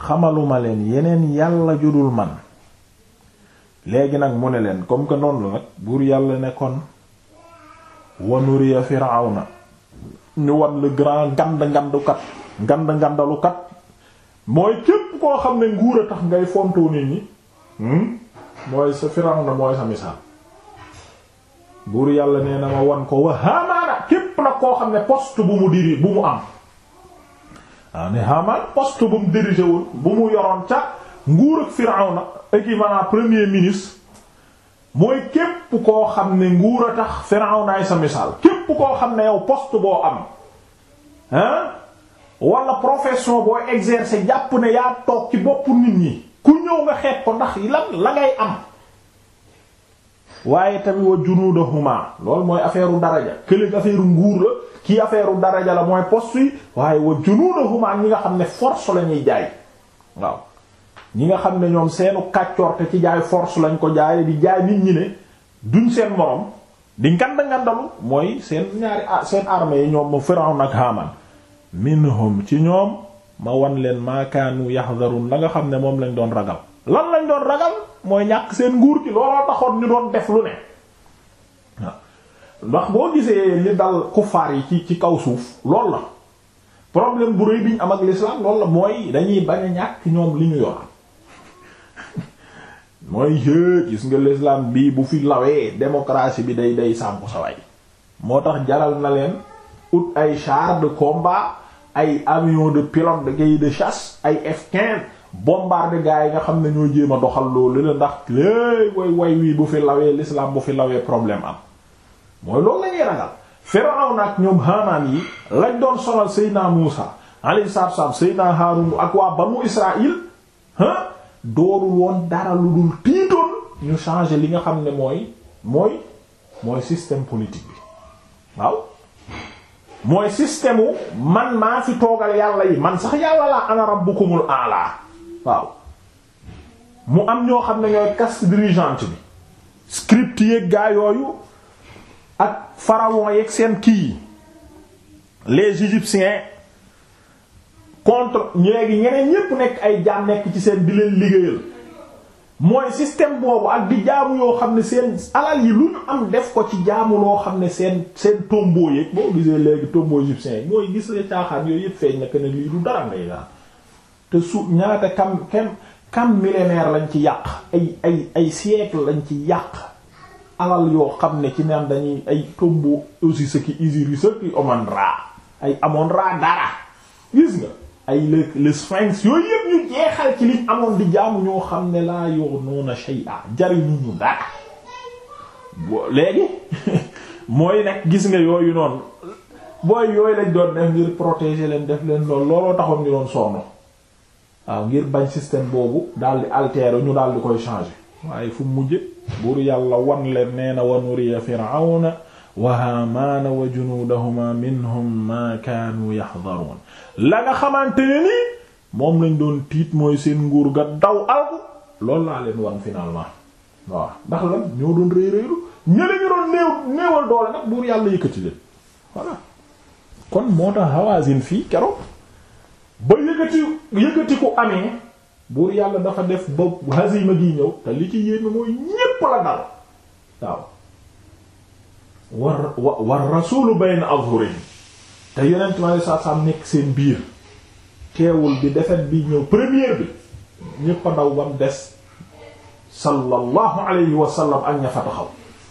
xamaluma leen yeneen yàlla judul man léegi nag mu ne leen comme que noonu la nag buur yàlla ne kon wanuriya na ñu wan le grand ngand ngandukat ngand ngandalukat mooy képp koo xam ne nguur a tax ngay fontoo nit ñi hmm? mooy sa firawna mooy sa misaal buur yàlla nee na ma wan ko wa koo xam ne poste bu mu diri bu mu am waaw ah, ne Haman poste bu mu dirigé woon bu mu yoroon ca nguur ak Firawna équivalent premier ministre mooy képp koo xam ne nguur a tax Firawnaay sa misaal képp koo xam ne yow poste boo am hein wala profession boo exercer jàpp ne yaa toog ci boppu nit ñi ku ñëw nga xeet ko ndax lan la ngay am waaye tamit wa junuudahuma loolu mooy affaire daraja këleeg affaire nguur la kii affaire daraja la mooy poste yi waaye wa junuudahuma ñi nga xam ne force la ñuy jaay waaw ñi nga xam ne ñoom seenu kàccoor te ci jaay force lañ ko jaay di jaay nit ñi ne duñ seen morom di nganda ngandalu mooy seen ñaari seen armée yi ñoom mu Firawun ak Haaman minhum ci ñoom ma wan leen maakaanu yaxdarun la nga xam ne moom lañ doon ragal lan lañ doon ragal mooy ñàkk seen nguur gi looloo taxoon ñu doon def lu ne ndax boo gisee li dal kuffaar yi ci ci kaw suuf lool la problème bu rëy bi ñu am ak l'islam lool la mooy dañuy bañ a ñàkk ñoom li ñu yor mooy jë gis nga l'islam bi bu fi lawee démocratie bi day day sànku saway moo tax jaral na leen ut ay chars de combat ay avions de pilote de guerre de chasse ay f bombarder gars yi nga xam ne ñoo jéem a doxal loolu la ndax léegi way way wii bu fi lawee l'islam bu fi lawee problème am mooy loolu la ñuy ragal Firawna ak ñoom Haamaan yi lañ doon sonal Seydina Muusa alayhi salaatu wassalaam Seydina ak waa banu Israël ah doorul woon dara lu dul tiitoon ñu changer li nga xam ne mooy mooy mooy système politique bi waaw mooy système man maa fi toogal yàlla yi man sax yàlla laa ana rabbukumul a'la waaw mu am ñoo xam ne ñooy caste dirigeante bi script yeeg gaa yooyu ak pharaon yeeg seen kii yi les égyptiens contre léegi ñeneen ñépp nekk ay jaam nekk ci seen di leen liggéeyal mooy système boobu ak di jaamu yoo xam ne seen alal yi lu ñu am def ko ci jaamu loo xam ne seen seen tombeau yeeg boo gisee léegi tombeau égyptien yi mooy gis la caaxaan yooyu yëpp feeñ naka ne lii du dara ngay daal te suuf ñaata kam kam kam millénaire lañ ci yàq ay ay ay siècle lañ ci yàq alal yoo xam ne ci naan dañuy ay tombo aussi sa ki Isiris ak ay Amon Ra ay le yooyu yëpp ñu jeexal ci liñ amoon di jaamu ñoo xam ne laa yor noona shay'a jariñu ñu dara bo léegi mooy nag gis nga yooyu noonu booy yooyu lañ doon def ngir protéger leen def leen loolu looloo taxoon ñu doon sonn waaw ngir bañ système boobu daal di altérer ñu daal di koy changer waaye fu mujj buur yàlla wan leen nee na wa nuriya firawna wa haamaana wa junuudahuma minhum ma kaanu yaxdaruun la nga xamante ne moom lañ doon tiit mooy seen nguur ga daw alku loolu laa leen wan finalement waaw ndax lan ñoo doon réy réylu ñële ñu doon néew doole nag buur yàlla yëkkati leen voilà kon moo tax Hawazin fii keroog ba yëkkati yëkkati ku amee buur yàlla dafa def ba hazima gi ñëw te li ci yéeme mooy ñépp la dal waaw war war rasulu bayna azhurin te yonent mi alei satu salaam nekk seen biir teewul bi defet bi ñëw première bi ñépp a daw bam des sallallahu alayhi wa sallam ak ña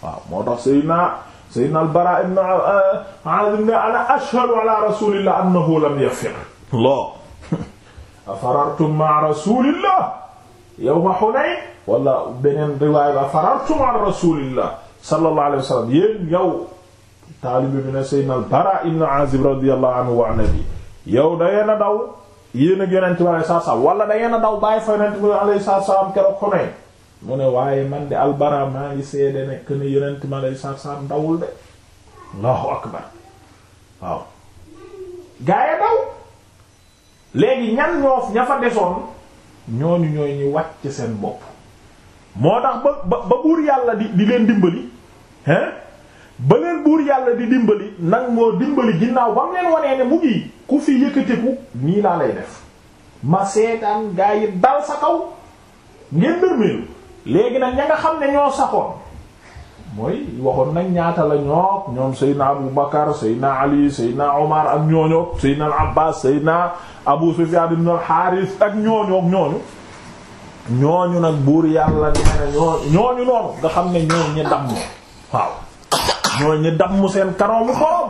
waaw moo tax sayyidina sayyidina al-Bara ibn euh, Azib ne ana ashhadu ala rasulillah lam yafir afarartum ma rasulillah yawma Hunayn wala beneen riwaaya afarartum ma rasulillah sallallahu alayhi wa sallam yéen yow taalibe bi ne Seydina al-Bara ibn Azib radiyallahu anhu wa nabi yow da ngeen a daw yéen ak yonent bi alayhi salaam wala da ngeen a daw bàyyi fa yonent bi alayhi salaam keroog Hunayn mu ne waaye man de al-Bara maa ngi seede ne que ne yonent bi alayhi salaam dawul de Allahu akbar waaw gaa yi daw. léegi ñan ñoo ña fa desoon ñooñu ñooy ñu wàcc seen bopp moo tax ba ba ba buur yàlla di di leen dimbali hein ba leen buur yàlla di dimbali nag moo dimbali ginnaaw ba mu leen wanee ne mu ngi ku fi yëkkatiku nii laa lay def ma seetaan gaa yi dal sa kaw ngeen dërmeelu léegi nag ña nga xam ne ñoo saxoon mooy waxoon nañ ñaata la ñoo ñoom Seydina Abu Bakar Seydina Ali Seydina Omar ak ñooñu Seydina Abbas Seydina Abu Sufyan ibn al-Harith ak ñooñu ak ñooñu ñooñu nag buur yàlla nee na ñooñu noonu nga xam ne ñooñu ñu damm waaw ñooñu ñu damm seen karoomu borom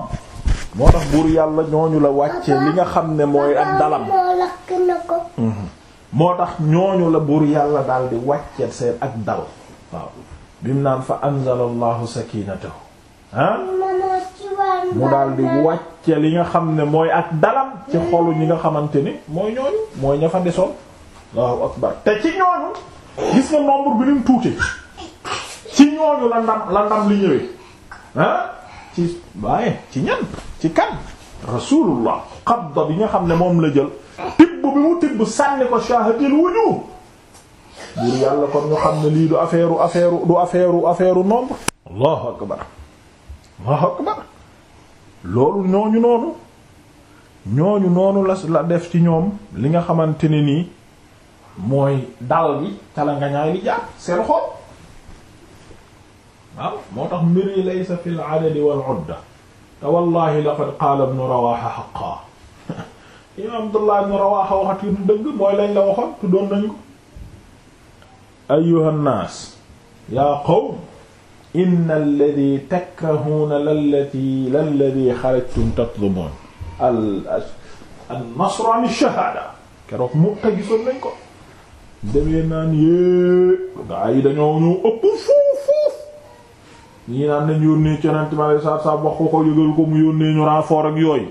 moo tax buur yàlla ñooñu la wàcce li nga xam ne mooy ak dalam mm-hmm. moo tax ñooñu la buur yàlla daal di wàcce seen ak dal waaw bim naan fa anzalallahu sakinatahu ah mu daal di wàcce li nga xam ne mooy ak dalam ci xolu ñi nga xamante ni mooy ñooñu mooy ña fa desoon allahu akbar te ci ñooñu gis nga nombre bi nim tuuti ci ñooñu la ndam la ndam li ñëwee ah ci waaye ci ñan ci kan rasulullah qabda bi nga xam ne moom la jël tibb bi mu tibb sànni ko shahatil wujuh buur yàlla kon ñu xam ne lii du affaire affaire du affaire affaire nombre allahu akbar allahu akbar loolu ñooñu noonu ñooñu noonu la la def ci ñoom li nga xamante ne nii mooy dal bi cala nga ñaay li jàpp seen xol moo tax mbir yi laysa fil adadi wal udda te wallahi laqad qaala ibn mooy lañ la waxoon tuddoon nañ ko ayyuha nnaas yaa qawm inna alladi takrahuuna lalladi lalladi xarajtum tatlubuun an-nasru an ash-shahaada keroog Mu'ta gisoon nañ ko demee naan yée gaa yi dañoo ñëw ëpp foof yónnee ci yonent ma lay saab ko ko ko mu yónnee ñu renfort ak yooy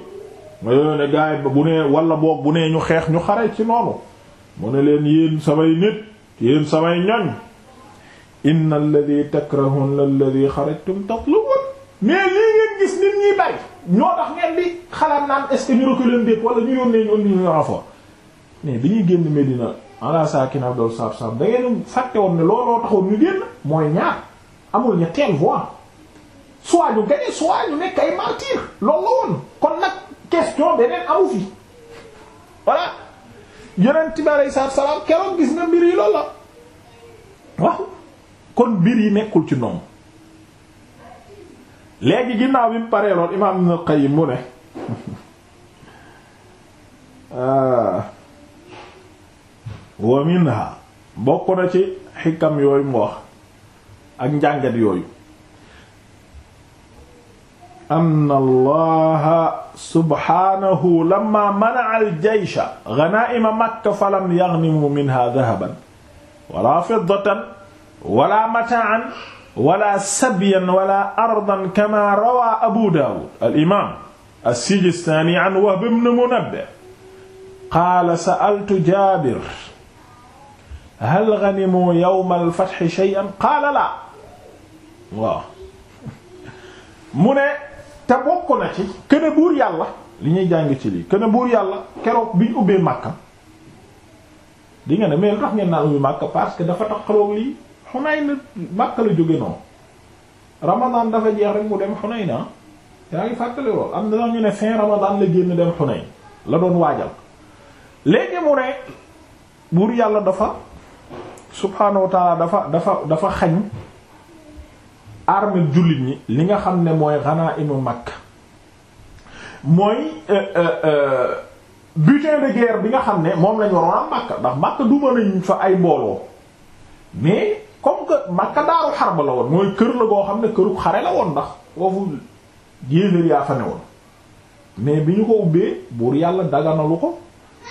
nga yónnee gaa bu nee wala boog bu nee ñu xeex ñu xare ci noonu mu ne leen yéen samay nit yéen samay ñoñ la alladhi takrahuna alladhi kharajtum tatlubun mais lii ngeen gis nit ñi bari ñoo tax ngeen di xalaat naa est-ce que ñu reculer wala ñu yónnee ñu indi ñu mais bi ñuy génn Medina ala saakina abdol saab saab da ngeen fàtte woon ne looloo taxoon ñu génn mooy ñaar amul ña teel voie soit ñu gagné soit ñu nekk ay martyr loolu la woon kon nag question beneen amu fi voilà yonent bi aleyhi salaatu wa salaam keroog gis nga mbir yi loolu la waaw kon mbir yi nekkul ci noonu léegi ginnaaw bi mu paree lool imaam Ibnul Qayyim mu ne ah, wa minha bokk na ci xikam yooyu mu wax ak njàngat yooyu anna allaha subhaanahu lamma mana'a al-jaysha ghanaa'ima makka falam yaghnimu minha dhahaban wala fiddatan wala mataa'an wala sabyan wala ardan kama rawa abu daawud al-imaam as-sijistaani an wahb ibn munabbih qaala sa'altu jaabir hal ghanimu yawma al-fathi shay'an qaala laa waaw mu ne te bokk na ci kene buur yàlla li ñuy jàng ci lii kene buur yàlla keroog bi ñu ubbee Makka di nga ne mais lu tax ngeen naan ubbi Makka parce que dafa taqaloog lii Hunayn la Makka dafa jeex rek mu dem Hunayn na ah. yaa ngi fàttali am na ñu ne fin Ramadan la génn dem Hunayn la doon waajal léegi mu ne buur yàlla dafa subhaanahu wa dafa dafa xañ armée jullit ñi li nga xam ne mooy ghanaimu Makka mooy euh, euh, euh, butin de guerre bi nga xam ne moom lañ waroon am Makka ndax Makka duma ñu fa ay mbooloo mais comme que Makka daaru xarba la woon mooy kër la goo xam ne këru xare la woon ndax foofu yéeféer yaa fa ne woon mais bi ñu ko ubbee buur yàlla daganalu ko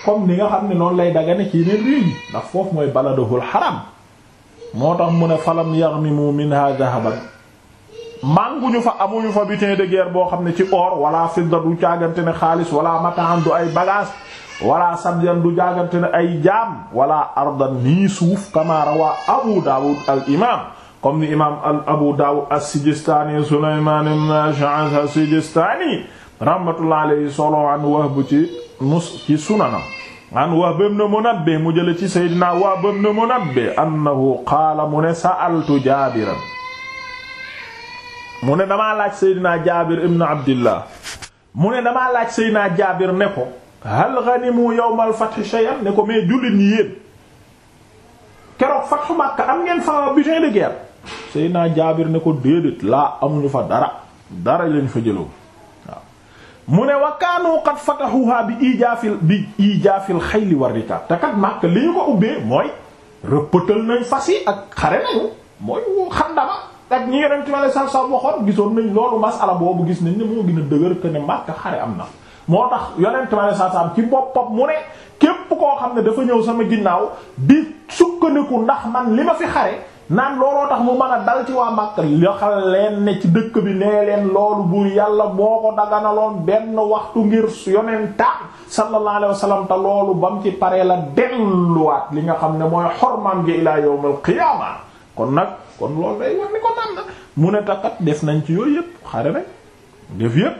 comme ni nga xam ne noonu lay dagane ci yeneen réew yi ndax foofu mooy baladahul xaram moo tax mu ne falam yaghnimu minha dhahaban mànguñu fa amuñu fa butin de boo xam ne ci or wala fidda du jaagante ne xaalis wala mataan du ay bagage wala sabjan du jaagante ne ay jaam wala ardan nii suuf kama rawa abu dawud al imam comme ni imam al abu dawud as-sijistani sulayman ibn ash'ath as-sijistani rahmatullah alayhi solo an wahb ci mus ci sunanam an wahb ibn munabbih mu jële ci sayyidina wahb ibn munabbih annahu qaala mu ne sa'altu jabiran mu ne damaa laaj Seydina Jaabir ibn Abdillah mu ne damaa laaj Seydina Jaabir ne ko hal ghanimu yawmal fath shay'an ne ko mais jullit ñi yéen keroog fathu Makka am ngeen fa butin de guerre Seydina Jaabir ne ko déedéet laa amuñu fa dara dara lañ fa jëloon waaw mu ne wa kaanu qad fatahuha bi ijaafil bi ijaafil xayli war rikaab te kat Makka li ñu ko ubbee mooy rëppatal nañ fas yi ak xare nañu mooy xandama ak ñi nga ci ma la sax sax waxoon gisoon nañ loolu masala boobu gis nañ ne moo gën a dëgër que ne Makka xare am na moo tax yonent ma la sax sax ci boppam mu ne képp koo xam ne dafa ñëw sama ginnaaw di sukkandiku ndax man li ma fi xare naan looloo tax mu man a dal ci waa Makka yoxal leen ne ci dëkk bi nee leen loolu buur yàlla boo ko daganaloon benn waxtu ngir yonentam sallallahu alayhi wa sallam te loolu ba mu ci paree la delluwaat li nga xam ne mooy xormaam gi ilaa yawmal qiyaama kon nag kon loolu day mu ne takat def nañ ci yooyu yëpp xare nañ def yëpp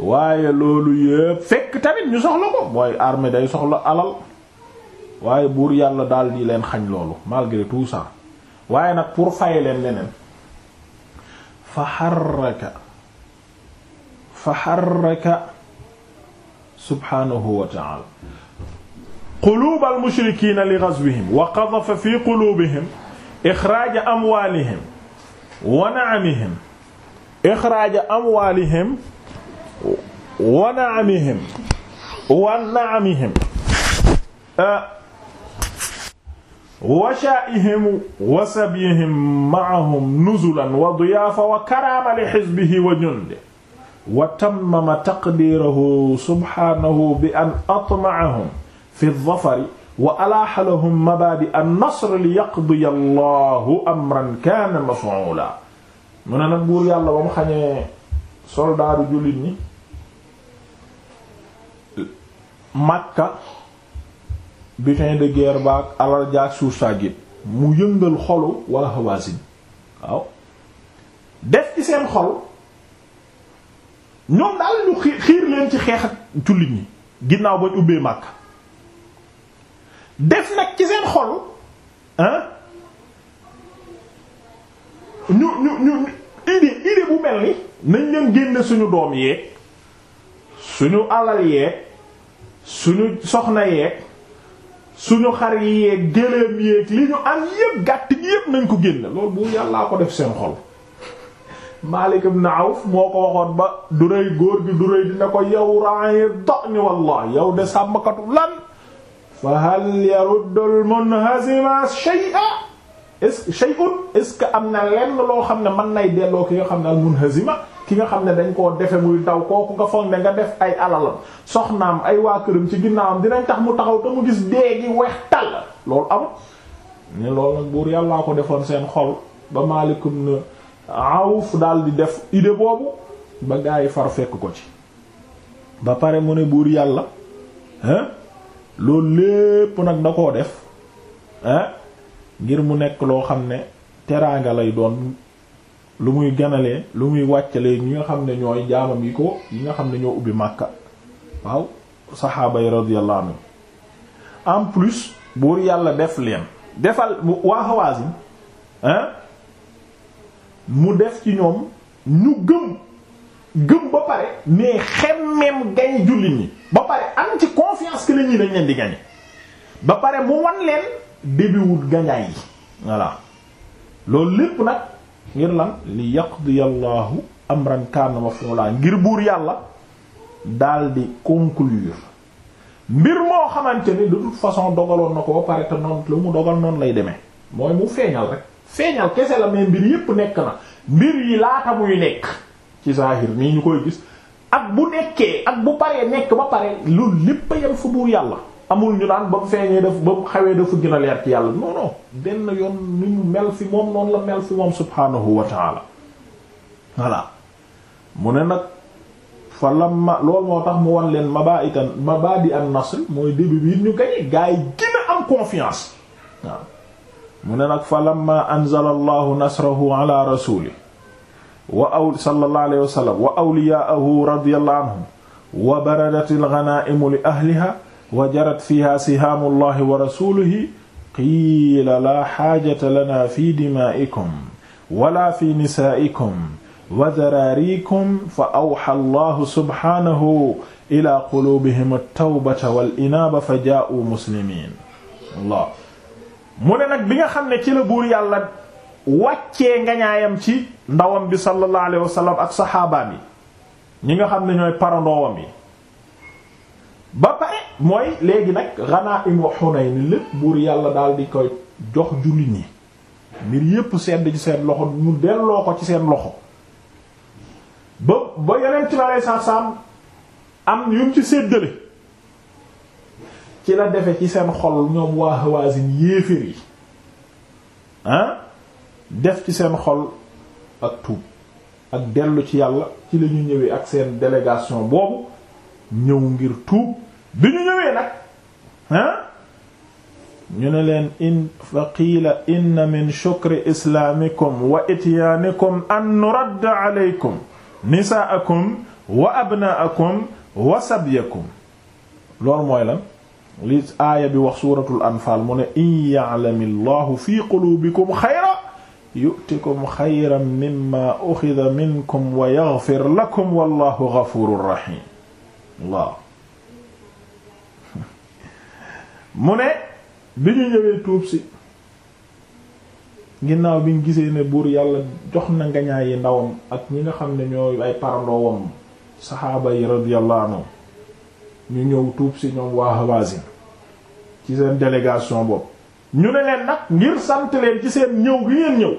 waaye loolu yëpp fekk tamit ñu soxla ko mooy armée day soxla alal waaye buur yàlla daal di leen xañ loolu malgré tout ça waaye nag pour faye leen leneen fa xarraka fa xarraka subhanahu wa ta'ala quluubal mushrikiina li ghazwihim wa qadhafa fi quluubihim ixraaja amwaalihim wa naamihim ixraaja amwaalihim wa naamihim wa naamihim wa shaa'ihim wa sabyihim ma'ahum nuzulan wa diyaafa wa karaama li hizbihi wa jundihi wa tammama taqdiirahu subhaanahu bi an atma'ahum fi dhafari wa alaaha lahum mabaadi an-nasr li yaqdiya Allahu amran kaana maf'uula mu ne nag buur yàlla ba mu xañee soldaaru jullit ñi Makka butin de guerre baak alal jaak suuf saa gépp mu yëngal xolu waa Hawazin waaw def ci seen xol ñoom daal ñu xiir leen ci xeex ak jullit ñi ginnaaw bañ ubbee Makka def nag ci seen xol ah ñu ñu ñu idée idée bu mel ni nañ leen génne suñu doom yeeg suñu alal yeeg suñu soxna yeeg suñu xar yeeg géléem yeeg li ñu am yépp gàtt gi yépp nañ ko génne loolu bu yàllaa ko def seen xol Malik ibn Awf moo ko waxoon ba du rëy góor gi du rëy dina ko yow rae dox ni wallahi yow de sàmmkatu lan fa hal yaruddul munhazima shay'a a ce shay'un est-ce que am na lenn loo xam ne man nay delloo ki nga xam ne al munhazima ki nga xam ne dañ koo defe muy daw kooku nga foog nga def ay alalam soxnaam ay waa këram ci ginnaawam dinañ tax mu taxaw te mu gis dee weex tàll loolu amul ne loolu nag buur yàllaa ko defoon seen xol ba maalikum na awuf daal di def idée boobu ba gaa yi far fekk ko ci ba pare mu ne buur yàlla hein loolu lépp nag da koo def ah ngir mu nekk loo xam ne teraanga lay doon lu muy ganalee lu muy wàccalee ñi nga xam ne ñooy jaamam yi ko yi nga xam ne ñoo ubbi Makka waaw saxaaba yi radiyallahu anhu en plus buur yàlla def leen defal waa Hawazin ah, mu def ci ñoom ñu gëm gëm ba pare mais xemmeem gañ jullit ñi ba pare am ci confiance que la ñuy dañ leen di gañe ba pare mu wan leen débiwut gañaay yi voilà loolu lépp nag ngir lan li yaqdi allahu amran kana maf'ula ngir buur yàlla daldi conclure mbir moo xamante ni du toute façon dogaloon na ko ba pare te noonu lu mu dogal noonu lay demee mooy mu feeñal rek feeñal kese la mais mbir yépp nekk na mbir yi laata muy nekk ci saahir nii ñu koy gis ak bu nekkee ak bu paree nekk ba pare loolu lépp a fu buur yàlla amul ñu daan ba mu feeñee daf ba mu xawee dafa gën a yàlla non benn yoon ni mu mel fi moom noonu la mel fi moom subhaanahu wa taala mu ne nag fa lamma loolu moo tax mu wan leen mabaa'itan mabaadi an-nasr mooy début bi ñu gañe gaa yi gën a am confiance waaw mu ne nag fa lamma anzala allahu nasrahu ala rasulihi wa aw sallallahu alayhi wa sallam wa awliyaahu radiyallahu anhum wa baradatil ghanaaimu li ahliha wa jarat fiha sihaamullahi wa rasulihi qiila laa xaajata lana fi dimaa'ikum wala fi nisaa'ikum wa daraariikum fa awxa allahu subhaanahu ilaa quluubihim at-tawbata wal inaaba fa jaa'u muslimiin Allah mu ne nag bi nga xam ne ci la buur yàlla wàccee ngañaayam ci ndawam bi sallallahu alayhi wa ak saxaabaan yi ñi nga xam ne ñooy parandoowam yi ba pare mooy léegi nag ghanaa'im wa Hunayn lépp buur yàlla daal di koy jox jullit ñi mbir yépp sedd ci seen loxo ñu delloo ko ci seen loxo ba ba yeneen ci la lay saam am yu mu ci séddale ci la defe ci seen xol ñoom waa Hawazin yéeféer yi ah def ci seen xol ak tuub ak dellu ci yàlla ci la ñu ñëwee ak seen délégation boobu ñëw ngir tuub bi ñu ñëwee nag ñu ne leen in fa qiila inna min shukri islaamikum wa ityaanikum an nuradda alaykum nisaakum wa abnaakum wa sabyakum loolu mooy lan li aaya bi wax suuratul anfaal mu ne in ya'lami llahu fi qulubikum xayra yu'tikum xayran mimma uxida minkum wa yaghfir lakum wallahu ghafurur rahim waaw mu ne bi ñu ñëwee tuub si ginnaaw bi ñu gisee ne buur yàlla jox na ngañaay yi ndawam ak ñi nga xam ne ñooy ay parandoowam saxaaba yi radiyallahu anhu ñu ñëw tuub si ñoom waa Hawazin ci seen délégation bopp ñu ne leen nag ngir sant ci seen ñëw gi ngeen ñëw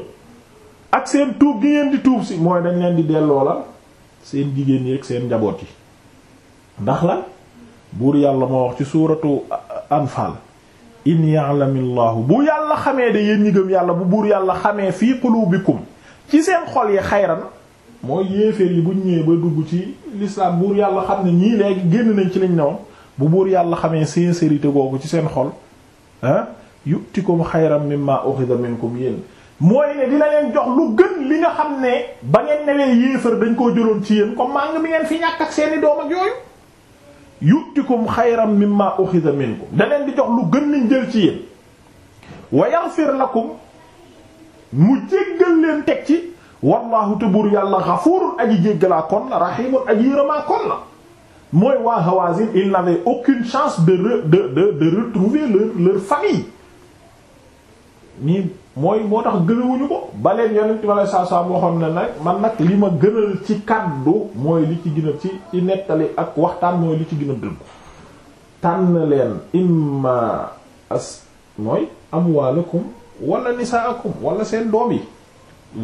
ak seen tuub gi ngeen di tuub si mooy dañ leen di delloo la seen jigéen ñi ak seen njaboot yi ndax la buur yàlla moo wax ci suuratu anfaal in ya'lamillahu bu yàlla xamee de yéen ñi gëm yàlla bu buur yàlla xamee fii qulubikum ci seen xol yi xayran mooy yéeféer yi buñ ñëwee ba dugg ci l'islam buur yàlla xam ne ñii léegi génn nañ ci lañ newoon bu buur yàlla xamee sincérité googu ci seen xol yu'tikum xayran mimma ukhidha minkum yéen mooy ne dina leen jox lu gën li nga xam ne ba ngeen newee yéefar dañ koo jëloon ci yéen comme maa ngi mi ngeen fi ñàkk ak seeni doom ak yooyu yu'tikum xayran mimma ukhidha minkum da leen di jox lu gën liñ jël ci yéen wa yaghfir lakum mu jéggal leen teg ci wallahu te buur yàlla ghafurun aji jéggalaa kon la aji yërëmaa kon la mooy waa Hawazin ils n'avaient aucune chance de de de de retrouver leur leur famille nii mooy moo tax gënawuñu ko baleen yonent bi alei satu salaam waxoon ne nag man nag li ma gënal ci kàddu mooy li ci gën ci ci nettali ak waxtaan mooy li ci gën a dëggu tànn leen imma as mooy amwaalakum wala nisaakum wala seen doom yi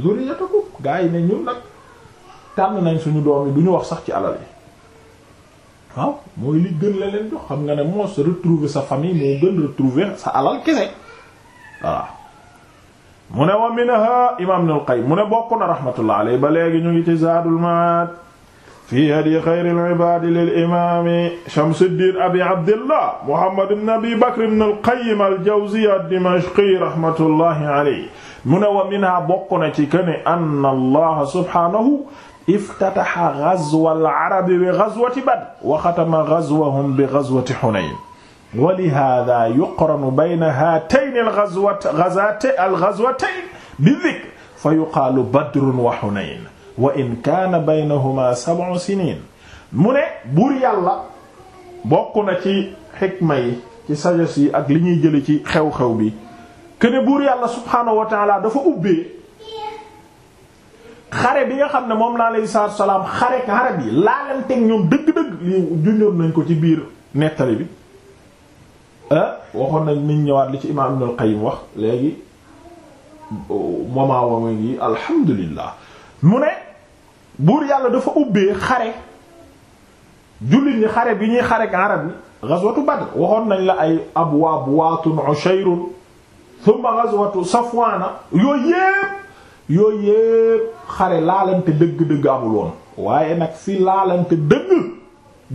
zuriyatakum gaa yi ne ñun nag tànn nañ suñu doom yi du wax sax ci alal yi waaw mooy li gën la leen jox xam nga ne moos retrouver sa famille moo gën retrouver sa alal kese waaw mu ne wa minha imaam Ibnul Qayyim mu ne bokk na rahmatullah alayhi ba léegi ñu ngi ci Zaadul Ma'aad fii hadyi xayril ibaad lil imaam Shamsuddin Abi Abdillah Muhammad ibn Abi Bakr Ibnul Qayyim al-Jawziyya ad-Dimashqi rahmatullahi alayhi mu ne wa minha bokk na ci ken anna Allah subhaanahu iftataha ghazwa al-arab bi ghazwati Badr wa khatama ghazwahum bi ghazwati Hunayn wa lihaada yuqranu bayna haatayni al-ghazwatayni bi-dhikr fa yuqaalu badrun wa hunayn wa in kaana baynahumaa sab'u mu ne buur yàlla bokk na ci xikma ci sagesse ak li ñuy jële ci xew-xew bi kene buur yàlla subhaanahu dafa ubbi xare bi nga xam ne moom la alayhi salaatu wa salaam xare xare bi laalanteeg ñoom dëgg-dëgg li junjoon nañ ko ci biir nettali bi waxoon nañ niñ ñëwaat li ci imaam Ibn al-Qayyim wax léegi moment wama ngi alhamdulillah mu ne buur yàlla dafa ubbee xare jullit ñi xare bi ñuy xare ak arab yi ghazwatu Badr waxoon nañ la ay abwaab waatun ushayrun thumma ghazwatu safwaana yooyu yépp yooyu yépp xare laalante dëgg-dëgg amul woon waaye nag fi laalante dëgg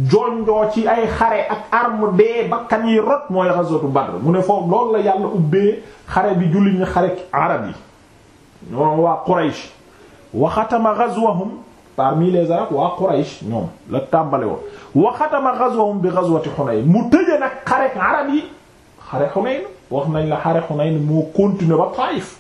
jonjoo ci ay xare ak arme dee bakkan yi rot mooy ghazwatu Badr mu ne foofu loolu la yàlla ubbee xare bi jullit ñi xare arab yi ñoom waa Quraysh wa xatama ghazwahum parmi les arabes waa Quraysh ñoom la tàmbale woon wa xatama ghazwahum bi ghazwati Hunayn mu tëje nag xare arab yi xare Hunayn wax nañ xare Hunayn moo continuer ba Taif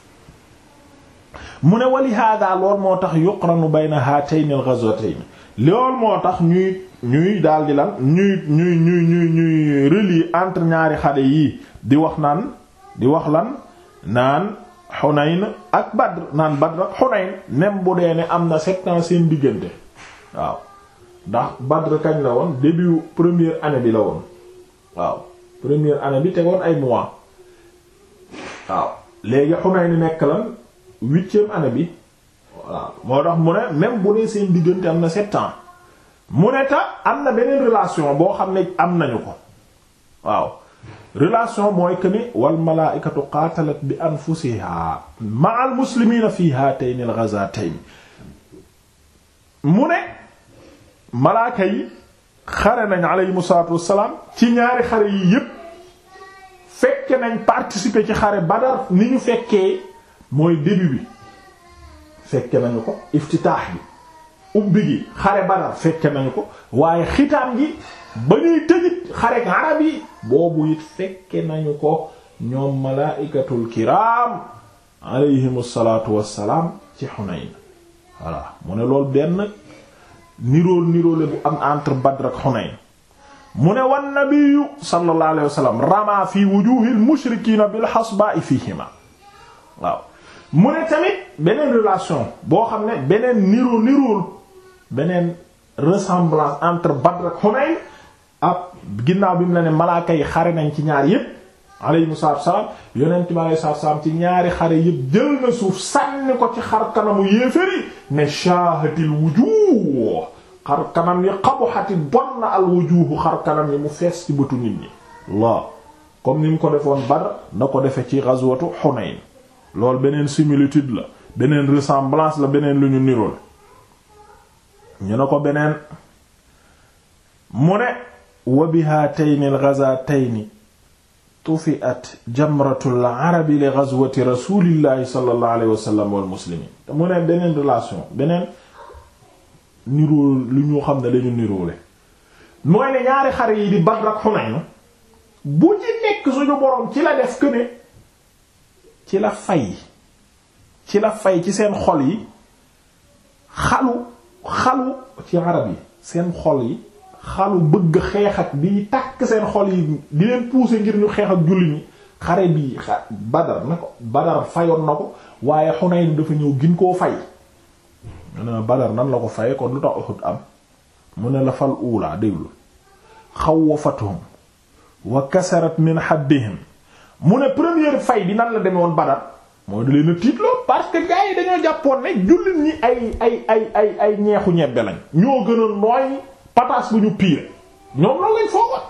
mu ne wa li hada moo tax yuqranu bayna hatayn al ghazwatayn loolu moo tax ñuy ñuy daldi lan ñuy ñuy ñuy ñuy ñuy relier entre ñaari xare yii di wax naan di wax lan naan Xunayn ak Badr naan Badr ak Xunayn même bu dee ne am na sept ans seen diggante waaw ndax Badr kañ la woon début première année bi la woon waaw première année bi tegoon ay mois waaw léegi Xunayn nekk lan huitième année bi. voilà moo tax mu ne même bu dee seen diggante am na sept ans mu ne ta am na beneen relation boo xam ne am nañu ko waaw relation mooy que ni wal malaa'ikatu qaatalat bi anfusihaa ma'al muslimiina fii haatayni al ghazaatayni mu ne malaaka yi xare nañ alayhimu salaatu wassalaam ci ñaari xare yi yépp fekke nañ participer ci xare Badar ni ñu fekkee mooy début bi fekke nañu ko iftitaax gi ubbi gi xare Badar fekke nañu ko waaye xitaam gi ba ñuy tëjit xare ak arab yi boobu it fekke nañu ko ñoom malaa'ikatul kiraam alayhimu salaatu wassalaam ci Hunayn voilà mu ne lool benn nirool niroole bu am entre Badr ak Hunayn mu ne wan nabiyu sallallahu alayhi wa fi wujuhil mushrikiina bil hasbaa'i fiihima waaw mu ne tamit beneen relation boo xam ne beneen niroo nirool beneen ressemblance entre Badr ak Hunayn ab ginnaaw bi mu la ne malaaka yi xare nañ ci ñaar yépp alayhi salaam yonent bi alayhi salaam ci ñaari xare yépp jël na suuf sànni ko ci xar kanamu yéeféri ne shaahatil wujuh xar kanam yi qabuhati bon na al wujuh xar kanam yi mu fees ci bëtu nit ñi. waaw comme ni mu ko defoon Badr na ko defee ci ghazwatu Hunayn loolu beneen similitude la beneen ressemblance la beneen lu ñu nirool ñu ne ko beneen mu ne wa bihaatayni al-ghazatayni tufi'at jamratul arabi li ghazwati rasulillahi sallallahu alayhi wal muslimin te mu ne beneen relation beneen nirool lu ñu xam ne lañu niroole mooy ne ñaari xare yi di Badr ak Hunayn bu ci nekk suñu borom ci la def que ci la fay ci la fay ci seen xol yi xalu xalu ci arab yi seen xol yi xalu bëgg xeex ak di tàkk seen xol yi di leen pousser ngir ñu xeex ak julli ñi xare bi badar na ko badar fayoon na ko waaye Hunayn dafa ñëw gin koo fay na badar nan la ko faye kon lu tax Uhud am mu ne la fal uulaa déglu xawwafatuhum wa kasarat min haddihim mu ne première fay bi nan la demee woon Badar mooy da leen a tiitloo parce que gars yi dañoo jàppoon ne jullit ñi ay ay ay ay ay ñeexu ñebbe lañ ñoo gën a nooy pataas bu ñu piire ñoom loolu lañ foogoon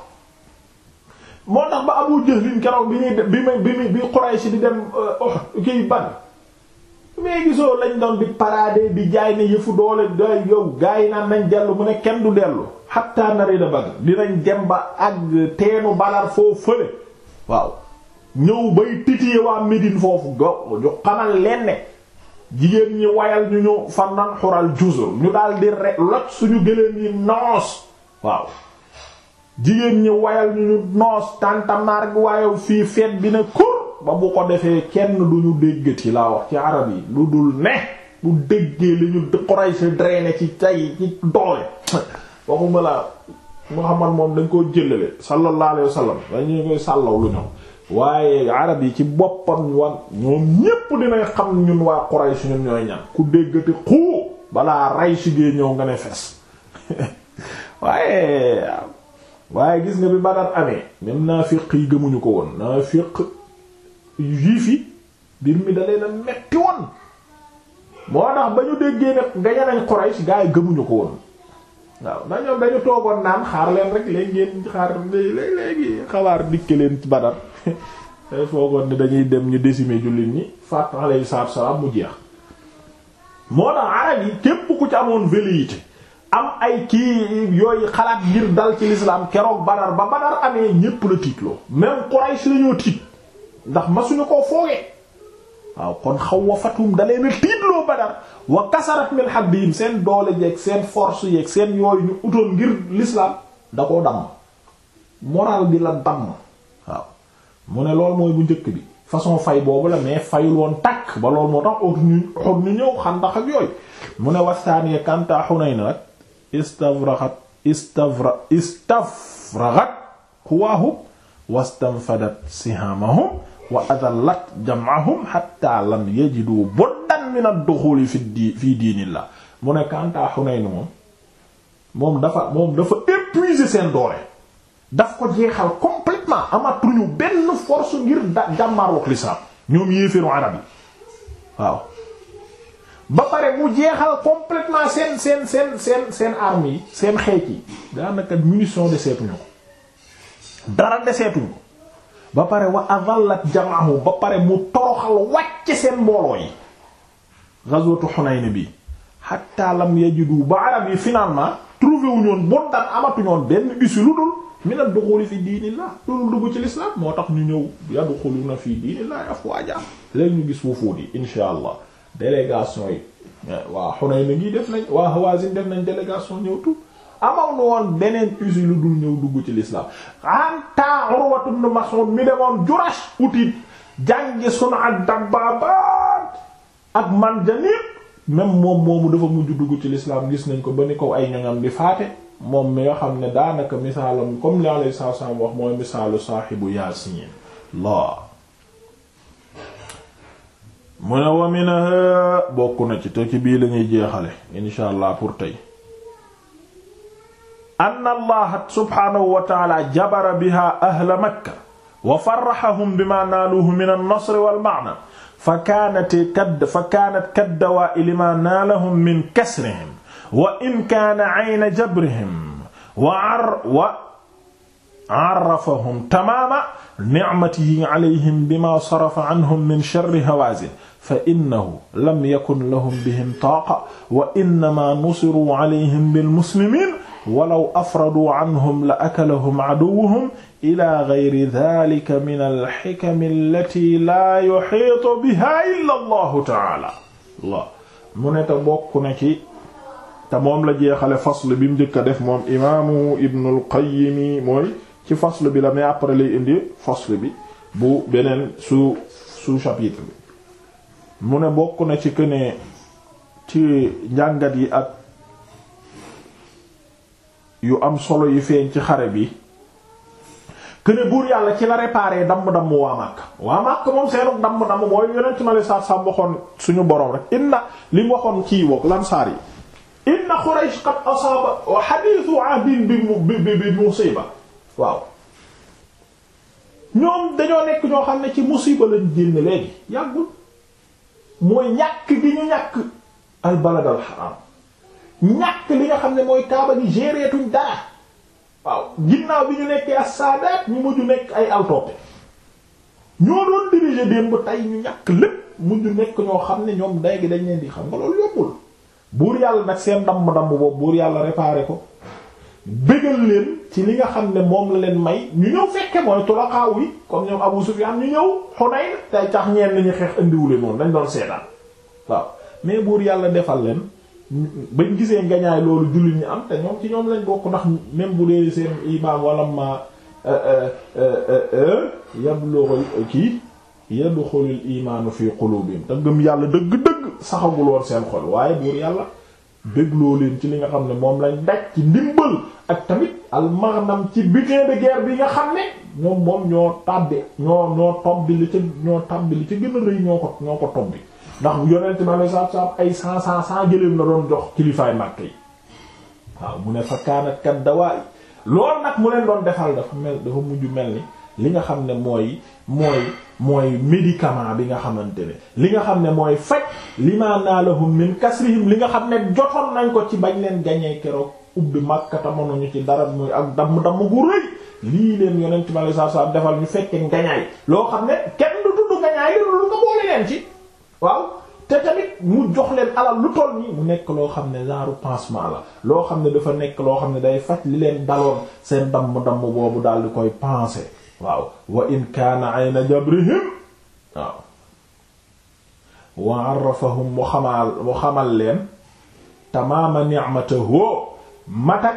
moo tax ba Abu Jahlin keroog bi ñuy bi ma bi bi Quraysh di dem kiy ban mais gisoo lañ doon di parade di jaay ne yëfu doole day yow gars yi naan nañ dellu mu ne kenn du dellu xattaa nari da dinañ dem ba ak teenu balar foo fële waaw ñëw bay titiye waa Médine foofu go ñu xamal leen jigéen ñi wayal ñu ñu fannan xural juzur ñu daal di re loj suñu gëléen yi noos waaw jigéen ñi wayal ñu ñu noos tàntamaar gi waaye fii feet bi ne kur ba bu ko defee kenn duñu déggati laa wax ci arab yi lu dul ne bu déggee li ñu Quraysh drainer ci tay ci doole waxuma la Muhammad moom dañ koo jëlale sallallahu alayhi wasallam dañu koy sàllaw lu ñëw waaye arab yi ci boppam wan ñoom ñépp dinañ xam ñun waa Quraysh ñun ñooy ñan ku déggati xuu balaa ray si gee ñëw nga ne fes waaye waaye gis nga bi Badar amee même naafiq yi gëmuñu ko woon naafiq juif yi mbir mi da leen a metti woon moo tax ba ñu déggee ne nga ñanañ Quraysh gaa yi gëmuñu ko woon waaw na ñoom dañu toogoon naan xaar leen rek léegi ngeen xaar léegi xabaar dikke leen Badar foogoon ne dañuy dem ñu décimer jullit ñi faat alayhi salaatu salaam mu jeex moo tax arab yi képp ku ci amoon velléité am ay kii yooyu xalaat ngir dal ci lislaam keroog Badar ba Badar amee ñépp la tiitloo même Quraysh lañoo tiit ndax masuñu koo foogee waaw kon xawafatum dalee na tiitloo Badar wa kasarat min haddihim seen doole jeeg seen force yeeg seen yooyu ñu utoon ngir l'islam da koo damm moral bi la damm waaw mu ne lool mooy bu njëkk bi façon fay boobu la mais fayul woon takk ba loolu moo tax ut ñu ñëw xandax ak yooyu mu ne wastaaniya kanta Hunayn nag istavraxat istavra istafraxat xuwaahum wastanfadat sihamahum wa adallat jam'ahum hatta lam yajidu buddan min ad-dukhul fi di mu ne kanta Hunayn moom moom dafa moom dafa épuiser seen doole daf ko jeexal complètement amatuñu benn force ngir da jàmmaarloog lislaam ñoom yéeféeru arab yi waaw ba pare mu jeexal complètement seen seen seen seen seen armes yi seen xeec yi daanaka munition deseetuñu ko dara deseetuñu ba pare wa adallat jamaahu ba pare mu toroxal wàcce seen mbooloo yi ghazwatu Hunayn bi hatta lam yajidu ba arab yi finalement trouvé wuñoon bon daan amatuñoon benn issue lu dul minal duxuli fi diinillah loolu dugg ci l'islam moo tax ñu ñëw yadxuluna fi foo afwaja léegi ñu gis wufuud yi insha allah délégation yi waa Hunayn ngi def nañ waa Hawazin def nañ délégation ñëw tu amoon woon beneen usine lu dul ñëw dugg ci l'islam anta Urwa ibn Mas'ud mi demoon Jurash utit jàngi Sun'a Dabbabat ak Manjanib même moom moomu dafa mujj dugg ci l'islam gis nañ ko ba ni ko ay ñoñam di faate moom mi nga xam ne daanaka misaalam comme li alayhi salaam wax mooy misaalu saaxibu yaasiin laa mu ne wa bokk na ci te ci bii lañuy ñuy jeexale insha pour tey anna allah subhaanahu wa taala biha ahla makka wa farraxahum bima naaluhu min an-nasr wal ma'na fa kaanat kadd fa kaanat kaddawaa lima naalahum min kasrihim wa in kaana ayna jabrihim wa wa arrafahum tamaama nicmatihi alayhim bima sarafa anhum min sharri hawaazin fa innahu lam yakun lahum bihim taaqa wa innamaa nusiruu alayhim bilmuslimiin walaw afradu anhum la akalahum aduwuhum ila gayri dalika min alxikami allati laa yuxiitu biha illa allahu taala allah mu ne te bokk na ci te moom la jeexale fasl bi mu njëkk a def moom imaamu ibnu alqayimi mooy ci fasl bi la mais après indi fasl bi bu beneen sous sous bi mu ne bokk na ci que ne ci yi ak yu am solo yi feeñ ci xare bi këne buur yàlla ci la réparé damm-damm waa màkk waa màkk moom seenu damm-damm mooy yonent ma le saar sam suñu borom rek inna li mu waxoon kii woog lansaar yi inna Quraysh qad asaaba hadithu ahdin musiba waaw ñoom dañoo nekk ñoo xam ne ci musiba lañ génn léegi yàggul mooy ñàkk gi ñu ñàkk al balad ñàkk li nga xam ne mooy kaaba gi géreetuñ dara waaw ginnaaw bi ñu nekkee as-Saadaat ñu mujj nekk ay al-Toppé ñoo doon diriger démb tey ñu ñàkk lépp mujj nekk ñoo xam ne ñoom day gi dañ leen di xam nga loolu yombul buur yàlla nag seen damb-damb boobu buur yàlla réparé ko bégal leen ci li nga xam ne moom la leen may ñu ñëw fekke mooy tolokaaw yi comme ñoom Abu Sufyaan ñu ñëw Hunayn tey tax ñeen ñi xeex indiwu leen moom dañ doon seetaan waaw mais yàlla defal leen bañ gisee ngañaay loolu jullit ñi am te ñoom ci ñoom lañ bokk ndax même bu dee seen imaam wala ma euh, euh, euh, yablughul kii yadkhulul imaanu fi qulubihim te gëm yàlla dëgg-dëgg saxagul seen xol waaye buur yàlla dégloo leen ci li nga xam ne moom lañ daj ci ndimbal ak tamit almagnam ci butin de guerre bi nga xam ne ñoom moom ñoo tàbbi ñoo ñoo tobbi li ca ñoo tàbbi li ca gën a rëy ñoo ko ñoo ko tobbi ndax yonent bi alei satu ay cent cent cent gëléem la doon jox kilifaay màkk yi waaw mu ne fa kaanat dawaay loolu nag mu leen doon defal dafa mel dafa mujj mel ni li nga xam ne mooy mooy mooy bi nga xamante ne li nga xam ne mooy faj lima naalahum min kasrihim li nga xam ne jotoon nañ ko ci bañ leen gañee keroog ubbi Makka te mënuñu ci dara muy ak damm damm gu rëy lii leen yonent bi alei satu salaam defal ñu fekkee ngañaay loo xam ne kenn du tudd ngañaay lu nga boole leen ci waaw te tamit mu jox leen alal lu toll nii mu nekk loo xam ne genre pansement la loo xam ne dafa nekk loo xam ne day faj li leen daloon seen damm-damm boobu daal di koy penser waaw wa in kaana ayna jabrihim waaw wa arrafahum mu xamal mu xamal leen tamaama ni'matahu matak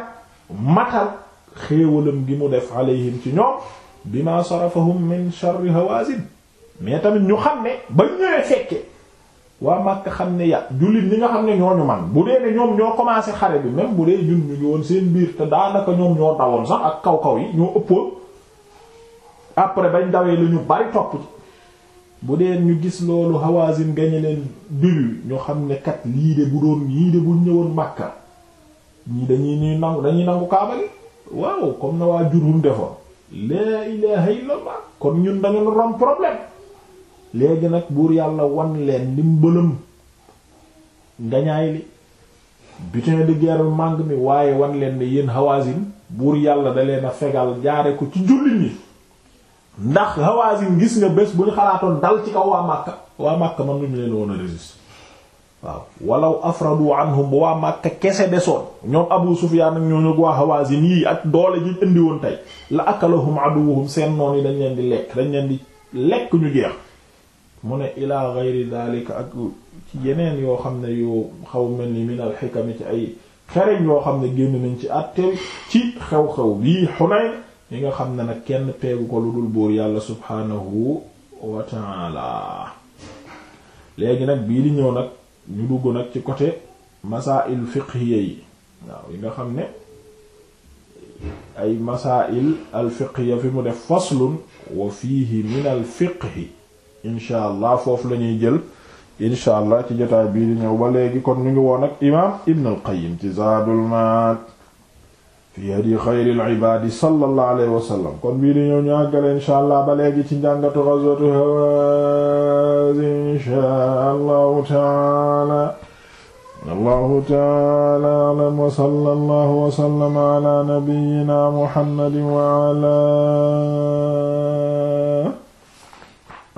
matal xéewalam gi mu def alayhim ci ñoom bima sarafahum min sharri hawazin mais tamit ñu xam ne ba ñëwee fekke waa Makka xam ne ya jullit ñi nga xam ne ñooñu man bu dee ne ñoom ñoo commencé xare bi même bu dee ñun ñu ngi woon seen biir te daanaka ñoom ñoo dawoon sax ak kaw-kaw yi ñoo ëppoon après bañ dawee lu ñu bari topp ci bu dee ñu gis loolu Hawazin gañe leen début ñu xam ne kat lii de bu doon yii de bu ñëwoon Makka ñii dañuy ñuy nangu dañuy nangu Kaaba gi waaw comme na waa Jurhum defoon laa ilaaha illallah kon ñun dañu rom problème léegi nag buur yàlla wan leen ndimbalam ngañaay li butin de guerre màng mi waaye wan leen ne yéen Hawazin buur yàlla da leen a fegal jaare ko ci jullit ñi ndax Hawazin gis nga bés bu ñu xalaatoon dal ci kaw waa Makka waa Makka man nuñu leen woon a résister waaw walaw afradu anhum bu waa Makka kese desoon ñoom Abu Sufyaan ak ñoo ñog waa Hawazin yii ak doole ji indi woon tey la akalahum aduwuhum seen noon yi dañ leen di lekk dañ leen di lekk ñu mu ne ilaa gayri daalika ak ci yeneen yoo xam ne yu xaw mel ni minal xikami ci ay xereñ yoo xam ne génn nañ ci àtteel ci xew-xew bii Hunayn yi nga xam ne nag kenn peegu ko lu dul buur yàlla subhaanahu wa ta'ala léegi nag bii di ñëw nag ñu dugg nag ci côté masaa'il fiqhiyya yi waaw yi nga xam ne ay masaa'il al fiqhiyya fi mu def faslun wa fiihi min al fiqhi incha allah foofu la ñuy jël incha allah ci jotaay bii di ñëw ba léegi kon ñu ngi woon ak imaam Ibn al-Qayyim ci Zaadul Maad fi hadi xayril ibaadi sallallahu alayhi wa sallam kon bii di ñëw ñu àggale incha allah ba léegi ci njàngatu ghazwatu Hawaaz incha allahu taala allahu taala alam wa sallallahu wa sallama ala nabiyyina muhammadin wa ala